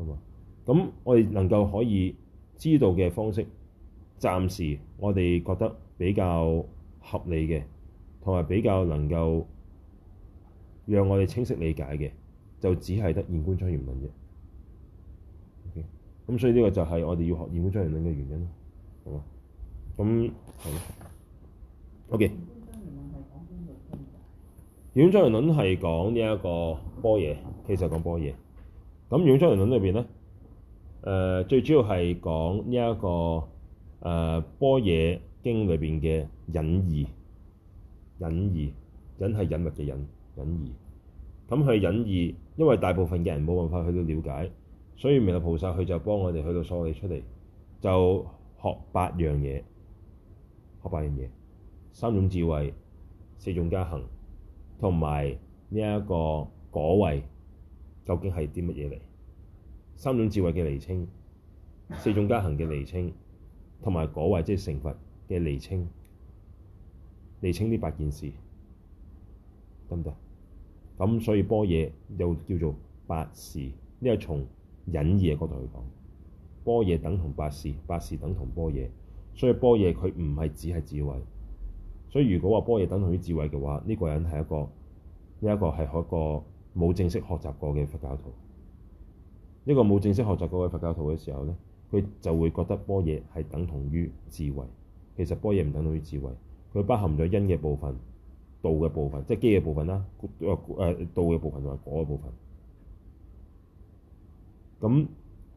係嘛？咁我哋能夠可以知道嘅方式，暫時我哋覺得比較合理嘅，同埋比較能夠讓我哋清晰理解嘅，就只係得驗官測理論啫。咁、okay? 所以呢個就係我哋要學現觀莊嚴論嘅原因。好嘛？咁係咯。O.K.《現觀莊嚴論》係講邊度？《現觀莊嚴論》係講呢一個般若。其實講般若，咁《現觀莊嚴論》裏邊咧，誒最主要係講呢、這、一個誒般若經裏邊嘅隱義。隱義，隱係隱密嘅隱，隱義。咁係隱義，因為大部分嘅人冇辦法去到了解，所以彌勒菩薩佢就幫我哋去到梳理出嚟，就學八樣嘢，學八樣嘢。三種智慧、四種加行，同埋呢一個果位，究竟係啲乜嘢嚟？三種智慧嘅釐清、四種加行嘅釐清，同埋果位即係成佛嘅釐清，釐清呢八件事得唔得？咁所以般若又叫做八事，呢個從隱義嘅角度去講，般若等同八事，八事等同般若，所以般若佢唔係只係智慧。所以如果話般若等同於智慧嘅話，呢、這個人係一個呢一個係一個冇正式學習過嘅佛教徒。呢個冇正式學習過嘅佛教徒嘅時候咧，佢就會覺得般若係等同於智慧。其實般若唔等同於智慧，佢包含咗因嘅部分、道嘅部分，即係基嘅部分啦。誒誒，道嘅部分同埋果嘅部分。咁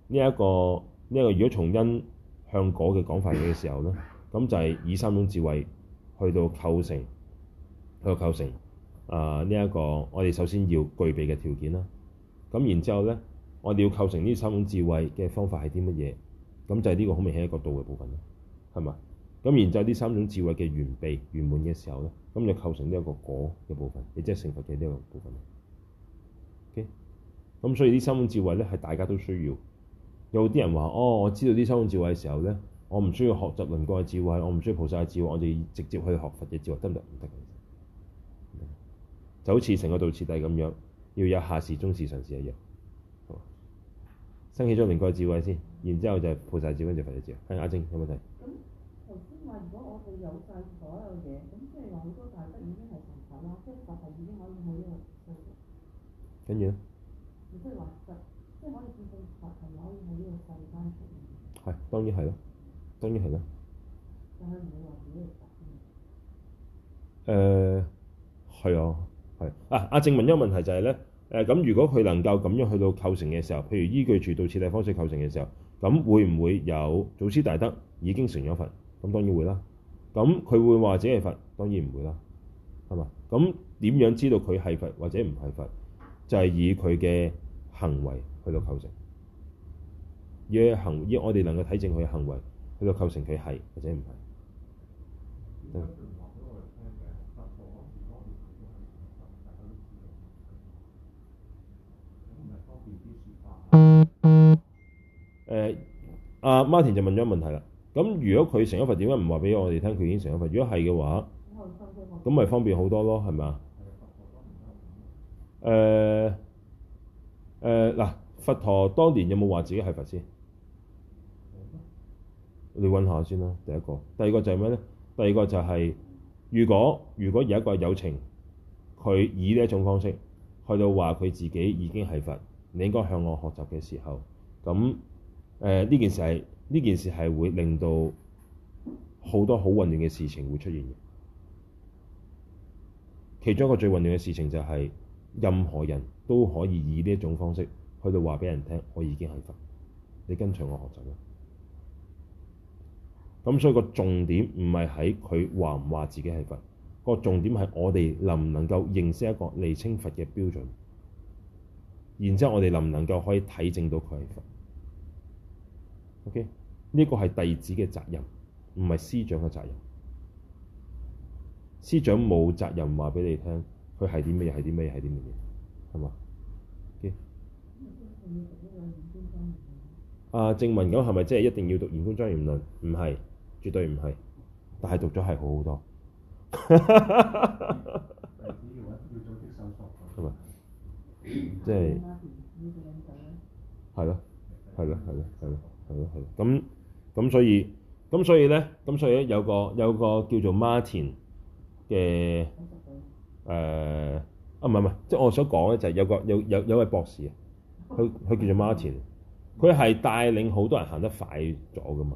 呢一個呢一個，這個、如果從因向果嘅講法嘅時候咧，咁就係以三種智慧。去到構成，去到構成，啊呢一個我哋首先要具備嘅條件啦。咁然之後咧，我哋要構成呢三種智慧嘅方法係啲乜嘢？咁就係呢個好明顯一個道嘅部分啦，係嘛？咁然之後呢三種智慧嘅完備、圓滿嘅時候咧，咁就構成呢一個果嘅部分，亦即係成佛嘅呢個部分。O.K.，咁所以呢三種智慧咧係大家都需要。有啲人話：哦，我知道呢三種智慧嘅時候咧。我唔需要學習輪廓智慧，我唔需要菩薩智慧，我哋直接去學佛嘅智慧得唔得？唔得，就好似成個道次第咁樣，要有下士、中士、上士一樣。好，生起咗輪廓智慧先，然之後就係菩薩智慧，跟住佛嘅智慧。阿晶、啊、有冇睇？咁頭先話，如果我哋有曬所有嘢，咁即係話好多大德已經係成佛啦，即係佛係已經可以喺呢個世間出現。跟住咧？唔需要話佛，即係可以見到佛，係咪可以喺呢個世間出現？係當然係咯。當然係啦。誒係啊，係啊。阿正問一個問題就係、是、咧，誒、啊、咁如果佢能夠咁樣去到構成嘅時候，譬如依據住道設立方式構成嘅時候，咁會唔會有祖師大德已經成咗佛？咁當然會啦。咁佢會話，自己係佛，當然唔會啦，係嘛？咁點樣知道佢係佛或者唔係佛？就係、是、以佢嘅行為去到構成，要行，要我哋能夠睇證佢嘅行為。佢就構成，佢係或者唔係？誒、嗯、阿、呃啊、Martin 就問咗個問題啦。咁如果佢成一佛，點解唔話俾我哋聽？佢已經成一佛。如果係嘅話，咁咪方便好多咯，係咪啊？誒、呃、誒、呃、嗱、呃，佛陀當年有冇話自己係佛先？你揾下先啦，第一個，第二個就係咩呢？第二個就係、是，如果如果有一個有情，佢以呢一種方式去到話佢自己已經係佛，你應該向我學習嘅時候，咁誒呢件事係呢件事係會令到好多好混亂嘅事情會出現嘅。其中一個最混亂嘅事情就係、是、任何人都可以以呢一種方式去到話俾人聽，我已經係佛，你跟隨我學習啦。咁、嗯、所以個重點唔係喺佢話唔話自己係佛，個重點係我哋能唔能夠認識一個釐清佛嘅標準，然之後我哋能唔能夠可以體證到佢係佛？OK，呢個係弟子嘅責任，唔係師長嘅責任。師長冇責任話俾你聽佢係啲咩嘢，係啲咩嘢，係啲咩嘢，係嘛？阿、okay? 啊、正文講係咪即係一定要讀《現觀莊嚴論》？唔係。絕對唔係，但係讀咗係好好多。 咁、就、啊、是，即係係咯，係 咯，係咯，係咯，係咯，係咯。咁咁所以咁所以咧，咁所以咧有個有個叫做 Martin 嘅誒、呃、啊唔係唔係，即係、就是、我所講咧就係有個有有有位博士啊，佢佢叫做 Martin，佢係帶領好多人行得快咗㗎嘛。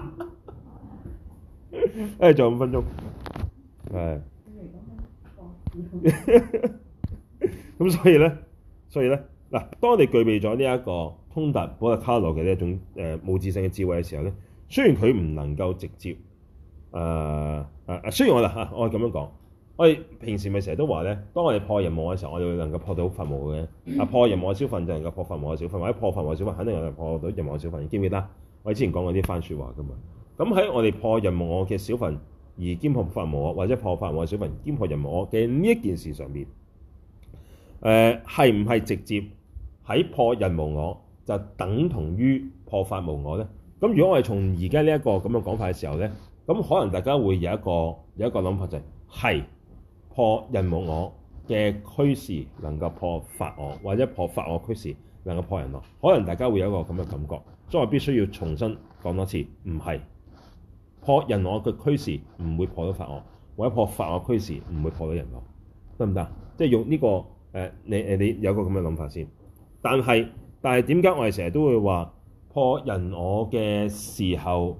誒，仲 有五分鐘，係，咁所以咧，所以咧，嗱，當你具備咗呢一個通達補特伽羅嘅呢一種誒、呃、無自性嘅智慧嘅時候咧，雖然佢唔能夠直接誒誒、呃啊，雖然我啦吓、啊，我係咁樣講，我哋平時咪成日都話咧，當我哋破人無我嘅時候，我哋能夠破到法無我嘅，啊破人無我嘅少分就能夠破法無我嘅少分，或者破法無我嘅少分肯定我就破到人無我少分，記唔記得？我哋之前講過啲番說話噶嘛。咁喺我哋破人無我嘅小份而兼破法無我，或者破法無我小份兼破人無我嘅呢一件事上面，誒係唔係直接喺破人無我就等同於破法無我咧？咁如果我哋從而家呢一個咁樣講法嘅時候咧，咁可能大家會有一個有一個諗法，就是，就係係破人無我嘅驅使能夠破法我，或者破法我驅使能夠破人我。可能大家會有一個咁嘅感覺，所以我必須要重新講多次，唔係。破人我嘅趨勢唔會破到法我，或者破法我趨勢唔會破到人我，得唔得？即係用呢、呢個誒、呃，你誒你，你有個咁嘅諗法先。但係但係點解我哋成日都會話破人我嘅時候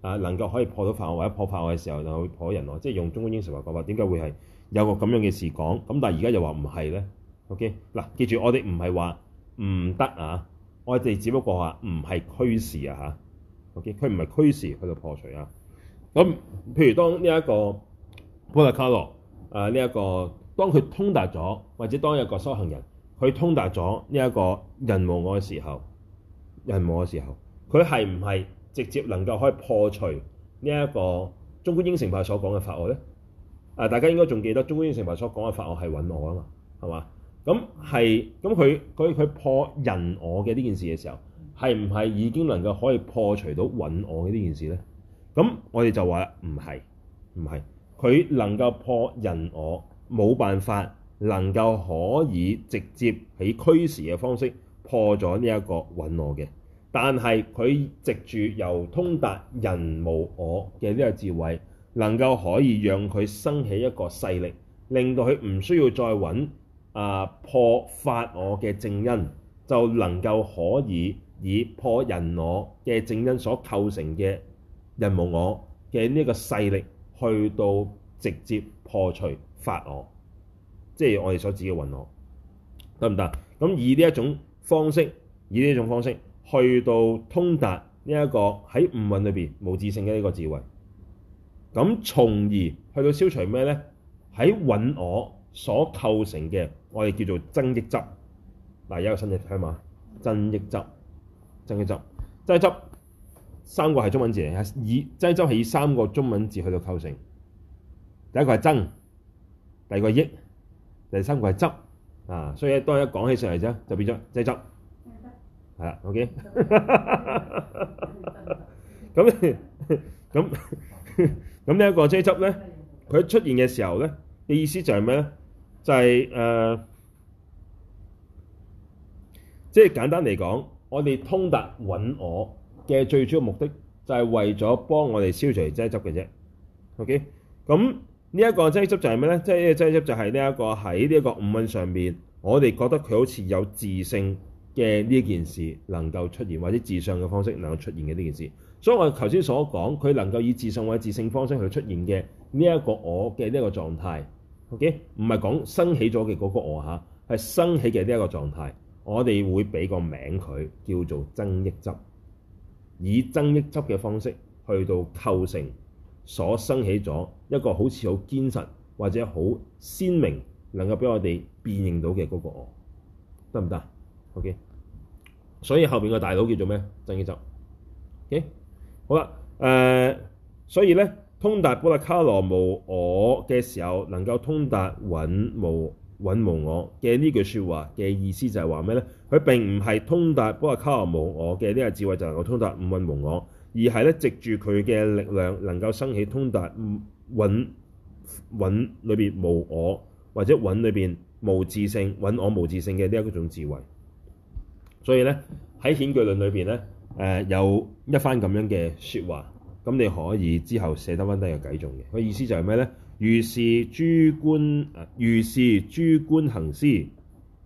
啊，能夠可以破到法我或者破法我嘅時候就破人我？即係用中觀應成話講話，點解會係有個咁樣嘅事講？咁但係而家又話唔係咧。OK 嗱，記住我哋唔係話唔得啊，我哋只不過話唔係趨勢啊嚇。OK，佢唔係趨勢，佢就破除啊。咁，譬如當呢一個補特伽羅啊，呢、這、一個當佢通達咗，或者當一個修行人佢通達咗呢一個人我嘅時候，人我嘅時候，佢係唔係直接能夠可以破除呢一個中觀應成派所講嘅法我咧？啊，大家應該仲記得中觀應成派所講嘅法我係揾我啊嘛，係嘛？咁係，咁佢佢佢破人我嘅呢件事嘅時候，係唔係已經能夠可以破除到揾我嘅呢件事咧？咁我哋就話唔係，唔係，佢能夠破人我，冇辦法能夠可以直接喺驅使嘅方式破咗呢一個揾我嘅。但係佢藉住由通達人無我嘅呢個智慧，能夠可以讓佢生起一個勢力，令到佢唔需要再揾啊破法我嘅正因，就能夠可以以破人我嘅正因所構成嘅。人無我嘅呢一個勢力，去到直接破除法我，即係我哋所指嘅蘊我，得唔得？咁以呢一種方式，以呢一種方式，去到通達呢一個喺五蘊裏邊無自性嘅呢個智慧，咁從而去到消除咩咧？喺蘊我所構成嘅，我哋叫做增益執，嗱，有一個新嘅聽嘛，增益執，增益執，執執。增益三個係中文字，以增益執係以三個中文字去到構成。第一個係增，第二個係益，第三個係執啊！所以當一講起上嚟啫， 就變咗增益執，係啦。OK，咁咁咁呢一個增益執咧，佢出現嘅時候咧嘅意思就係咩咧？就係誒，即係簡單嚟講，我哋通達揾我。嘅最主要目的就係、是、為咗幫我哋消除增益執嘅啫。OK，咁呢一、這個增益執就係咩咧？即係增益執就係呢一個喺呢一個五蘊上面。我哋覺得佢好似有自性嘅呢件事能夠出現，或者自上嘅方式能夠出現嘅呢件事。所以我哋頭先所講，佢能夠以自上或者自性方式去出現嘅呢、okay? 一個我嘅呢一個狀態，OK，唔係講升起咗嘅嗰個我啊，係升起嘅呢一個狀態，我哋會俾個名佢叫做增益執。以增益執嘅方式去到構成所生起咗一個好似好堅實或者好鮮明，能夠俾我哋辨認到嘅嗰個我得唔得？OK，所以後邊個大佬叫做咩？增益執，OK 好啦。誒、呃，所以咧通達補特伽羅無我嘅時候，能夠通達蘊無。蘊無我嘅呢句説話嘅意思就係話咩咧？佢並唔係通達補特伽羅無我嘅呢個智慧就能夠通達五蘊無我，而係咧藉住佢嘅力量能夠生起通達蘊蘊裏邊無我或者蘊裏邊無自性蘊我無自性嘅呢一種智慧。所以咧喺顯句論裏邊咧，誒、呃、有一番咁樣嘅説話，咁你可以之後寫得返低有幾種嘅。佢意思就係咩咧？如是諸觀，如是諸觀行師，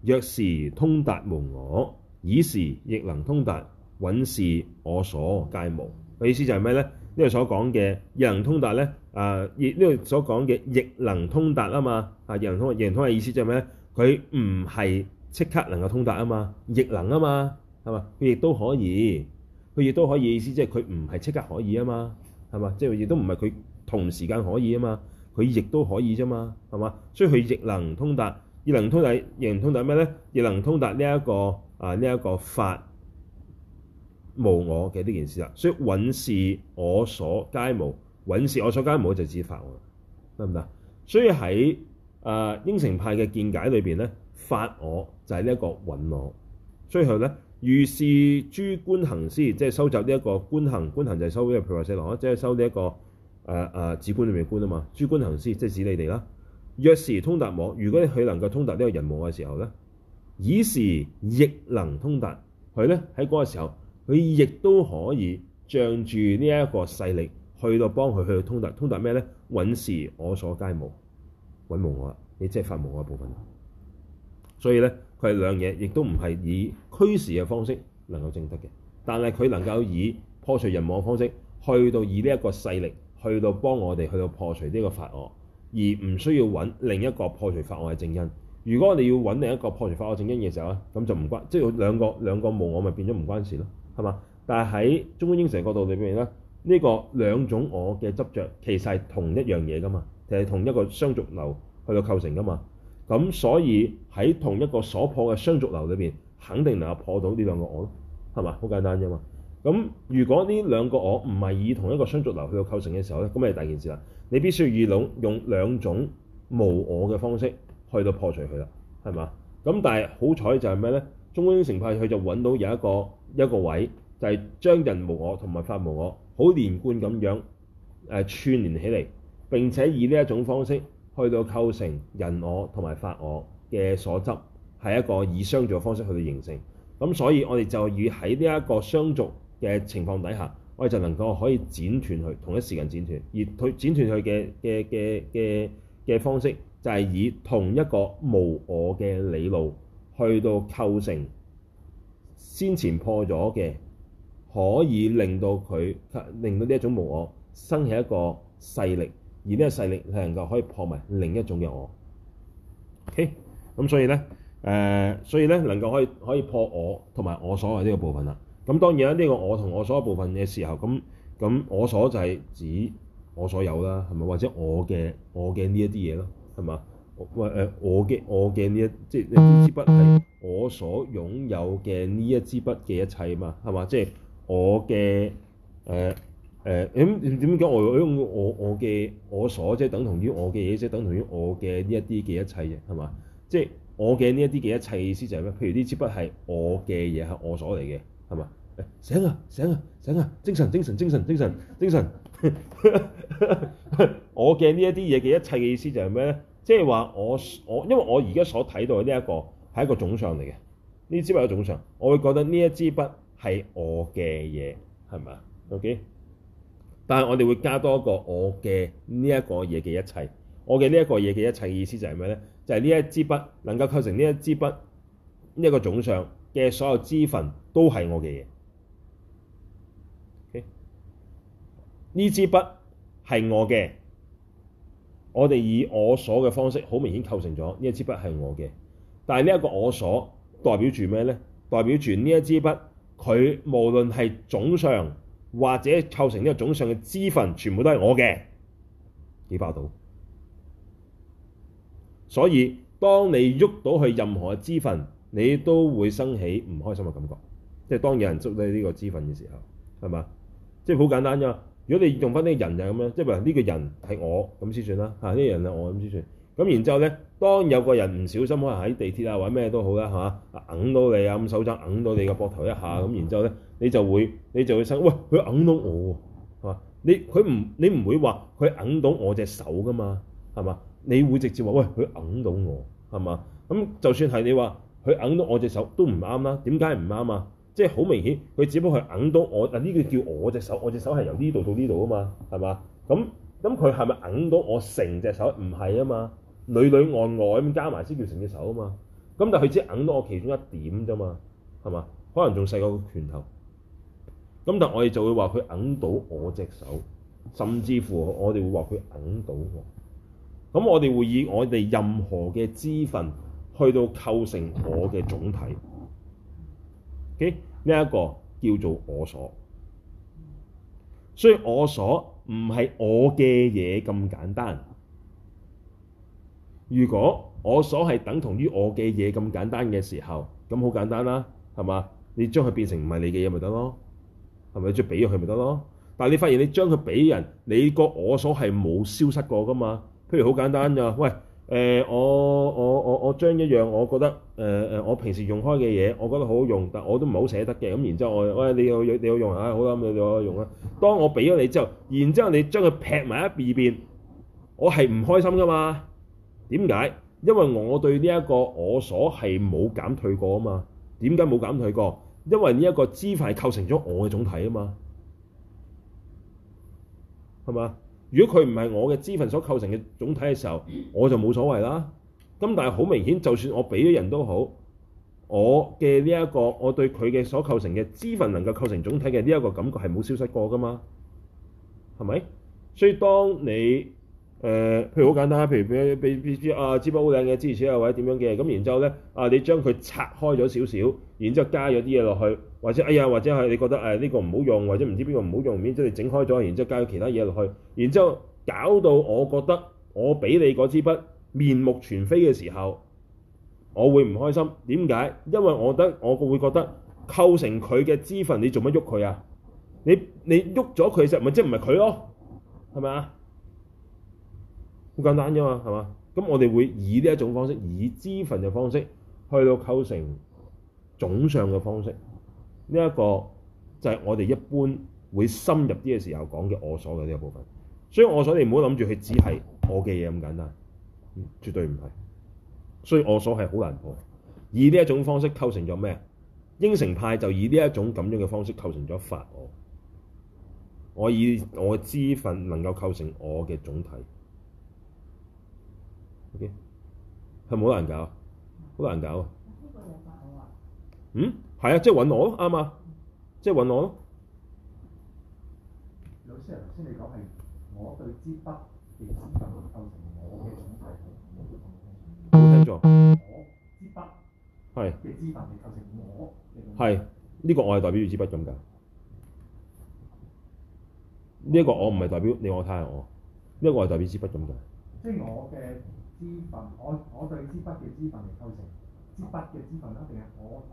若是通達無我，爾時亦能通達，蘊事我所皆無。個意思就係咩咧？呢度所講嘅亦能通達咧，啊，亦呢度所講嘅亦能通達啊嘛。啊，亦能通，亦能通嘅意思就係咩咧？佢唔係即刻能夠通達啊嘛，亦能啊嘛，係嘛？佢亦都可以，佢亦都可以。意思即係佢唔係即刻可以啊嘛，係嘛？即係亦都唔係佢同時間可以啊嘛。佢亦都可以啫嘛，係嘛？所以佢亦能通達，亦能通達，亦能通達咩咧？亦能通達呢、這、一個啊呢一、這個法無我嘅呢件事啦。所以蘊事我所皆無，蘊事我所皆無,我所皆無就指法我喎，得唔得？所以喺啊應成派嘅見解裏邊咧，法我就係呢一個蘊我。所以佢咧如是諸觀行師，即係收集呢一個觀行，觀行就係收呢個譬如話色蘊啊，即係收呢一個。誒誒，主、呃呃、觀裏面觀啊嘛，諸觀行師即係指你哋啦。若時通達無我，如果佢能夠通達呢個人無我嘅時候咧，爾時亦能通達，佢咧，喺嗰個時候，佢亦都可以仗住呢一個勢力去到幫佢去通達通達咩咧？蘊事我所皆無，蘊無我，你即係法無我部分。所以咧，佢係兩嘢，亦都唔係以驅時嘅方式能夠證得嘅，但係佢能夠以破除人無我方式去到以呢一個勢力。去到幫我哋去到破除呢個法我，而唔需要揾另一個破除法我嘅正因。如果我哋要揾另一個破除法我正因嘅時候咧，咁就唔關，即係兩個兩個無我咪變咗唔關事咯，係嘛？但係喺中觀應成角度裏邊咧，呢個兩種我嘅執着其實係同一樣嘢噶嘛，就係同一個相續流去到構成噶嘛。咁所以喺同一個所破嘅相續流裏邊，肯定能夠破到呢兩個我咯，係嘛？好簡單啫嘛。咁如果呢兩個我唔係以同一個相續流去到構成嘅時候咧，咁係第二件事啦。你必須要遇諗用兩種無我嘅方式去到破除佢啦，係嘛？咁但係好彩就係咩咧？中觀應成派佢就揾到有一個一個位，就係、是、將人無我同埋法無我好連貫咁樣誒串連起嚟，並且以呢一種方式去到構成人我同埋法我嘅所執係一個以相續方式去到形成。咁所以我哋就以喺呢一個相續。嘅情況底下，我哋就能夠可以剪斷佢，同一時間剪斷，而佢剪斷佢嘅嘅嘅嘅嘅方式就係以同一個無我嘅理路去到構成先前破咗嘅，可以令到佢令到呢一種無我生起一個勢力，而呢個勢力係能夠可以破埋另一種嘅我。OK，咁所以呢，誒、呃，所以呢，能夠可以可以破我同埋我所謂呢個部分啦。咁當然啦，呢個我同我所有部分嘅時候，咁咁我所就係指我所有啦，係咪？或者我嘅我嘅呢一啲嘢咯，係嘛？喂誒，我嘅我嘅呢、呃、一，即係呢支筆係我所擁有嘅呢一支筆嘅一切嘛，係嘛？即係我嘅誒誒，咁點解我用我我嘅我所，即係等同於我嘅嘢，即係等同於我嘅呢一啲嘅一切嘅，係嘛？即係我嘅呢一啲嘅一切意思就係咩？譬如呢支筆係我嘅嘢，係我所嚟嘅，係嘛？醒啊醒啊醒啊！精神精神精神精神精神！精神精神精神 我嘅呢一啲嘢嘅一切嘅意思就係咩咧？即係話我我，因為我而家所睇到嘅呢一個係一個總相嚟嘅呢支筆係一個總相，我會覺得呢一支筆係我嘅嘢，係咪？O K，但係我哋會加多一個我嘅呢一個嘢嘅一切，我嘅呢一個嘢嘅一切嘅意思就係咩咧？就係、是、呢一支筆能夠構成呢一支筆呢一、這個總相嘅所有支分都係我嘅嘢。呢支筆係我嘅，我哋以我所嘅方式好明顯構成咗呢一支筆係我嘅。但係呢一個我所代表住咩呢？代表住呢一支筆，佢無論係總上或者構成呢個總上嘅支分，全部都係我嘅幾百到？所以當你喐到佢任何嘅支分，你都會生起唔開心嘅感覺。即係當有人捉低呢個支分嘅時候，係嘛？即係好簡單啫。如果你用翻啲人就係咁樣，即係話呢個人係我咁先算啦。嚇，呢個人係我咁先算。咁然之後咧，當有個人唔小心可能喺地鐵啊或者咩都好啦，係嘛，揞到你啊咁手掌揞到你個膊頭一下咁，嗯，然之後咧，你就會你就會想，喂佢揞到我喎，係嘛？你佢唔你唔會話佢揞到我隻手噶嘛，係嘛？你會直接話喂佢揞到我係嘛？咁就算係你話佢揞到我隻手都唔啱啦，點解唔啱啊？即係好明顯，佢只不過係揞到我啊！呢個叫我隻手，我隻手係由呢度到呢度啊嘛，係嘛？咁咁佢係咪揞到我成隻手？唔係啊嘛，裡裡外外咁加埋先叫成隻手啊嘛。咁但係佢只揞到我其中一點啫嘛，係嘛？可能仲細過個拳頭。咁但係我哋就會話佢揞到我隻手，甚至乎我哋會話佢揞到我。咁我哋會以我哋任何嘅支分去到構成我嘅總體。Okay? 呢一個叫做我所，所以我所唔係我嘅嘢咁簡單。如果我所係等同於我嘅嘢咁簡單嘅時候，咁好簡單啦、啊，係嘛？你將佢變成唔係你嘅嘢咪得咯？係咪？你再俾咗佢咪得咯？但係你發現你將佢俾人，你個我所係冇消失過噶嘛？譬如好簡單咋、啊，喂。誒、呃、我我我我將一樣我覺得誒誒、呃、我平時用開嘅嘢，我覺得好好用，但我都唔係好捨得嘅。咁然之後我，喂，你有你有用啊，好啦，咁你你可以用啦。當我俾咗你之後，然之後你將佢劈埋一邊邊，我係唔開心㗎嘛？點解？因為我對呢一個我所係冇減退過啊嘛。點解冇減退過？因為呢一個支分構成咗我嘅總體啊嘛，係嘛？如果佢唔係我嘅支分所構成嘅總體嘅時候，我就冇所謂啦。咁但係好明顯，就算我俾咗人都好，我嘅呢一個我對佢嘅所構成嘅支分能夠構成總體嘅呢一個感覺係冇消失過㗎嘛，係咪？所以當你誒、呃，譬如好簡單，譬如譬如譬如啊，支筆好靚嘅支筆，或者點樣嘅，咁然之後咧，啊你將佢拆開咗少少，然之後加咗啲嘢落去，或者哎呀，或者係你覺得誒呢、哎這個唔好用，或者唔知邊個唔好用，然之後你整開咗，然之後加咗其他嘢落去，然之後搞到我覺得我俾你嗰支筆面目全非嘅時候，我會唔開心？點解？因為我覺得我會覺得構成佢嘅資份，你做乜喐佢啊？你你喐咗佢實咪即係唔係佢咯？係咪啊？好簡單啫嘛，係嘛？咁我哋會以呢一種方式，以資分嘅方式去到構成總相嘅方式。呢、這、一個就係我哋一般會深入啲嘅時候講嘅我所嘅呢個部分。所以我所你唔好諗住佢只係我嘅嘢咁簡單，絕對唔係。所以我所係好難破。以呢一種方式構成咗咩？應成派就以呢一種咁樣嘅方式構成咗法我。我以我資分能夠構成我嘅總體。係好、okay. 難搞，好難搞、啊。呢嗯，係啊，即係揾我咯，啱、嗯、啊，即係揾我咯。老師頭先你講係我對支筆嘅資質感受同我嘅總體嘅感受，我支筆係即係資質我係呢個，我係代表住支筆咁解。呢、這、一個我唔係代表你我看看我，這個、我睇下我呢一個係代表支筆咁解。即係 我嘅。支分，我我對支筆嘅支分嚟構成，支筆嘅支分啦，定係我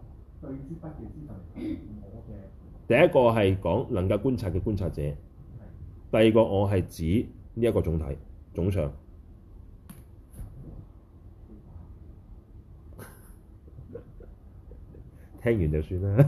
對支筆嘅支分嚟構成我嘅。第一個係講能夠觀察嘅觀察者，第二個我係指呢一個總體總相。聽完就算啦。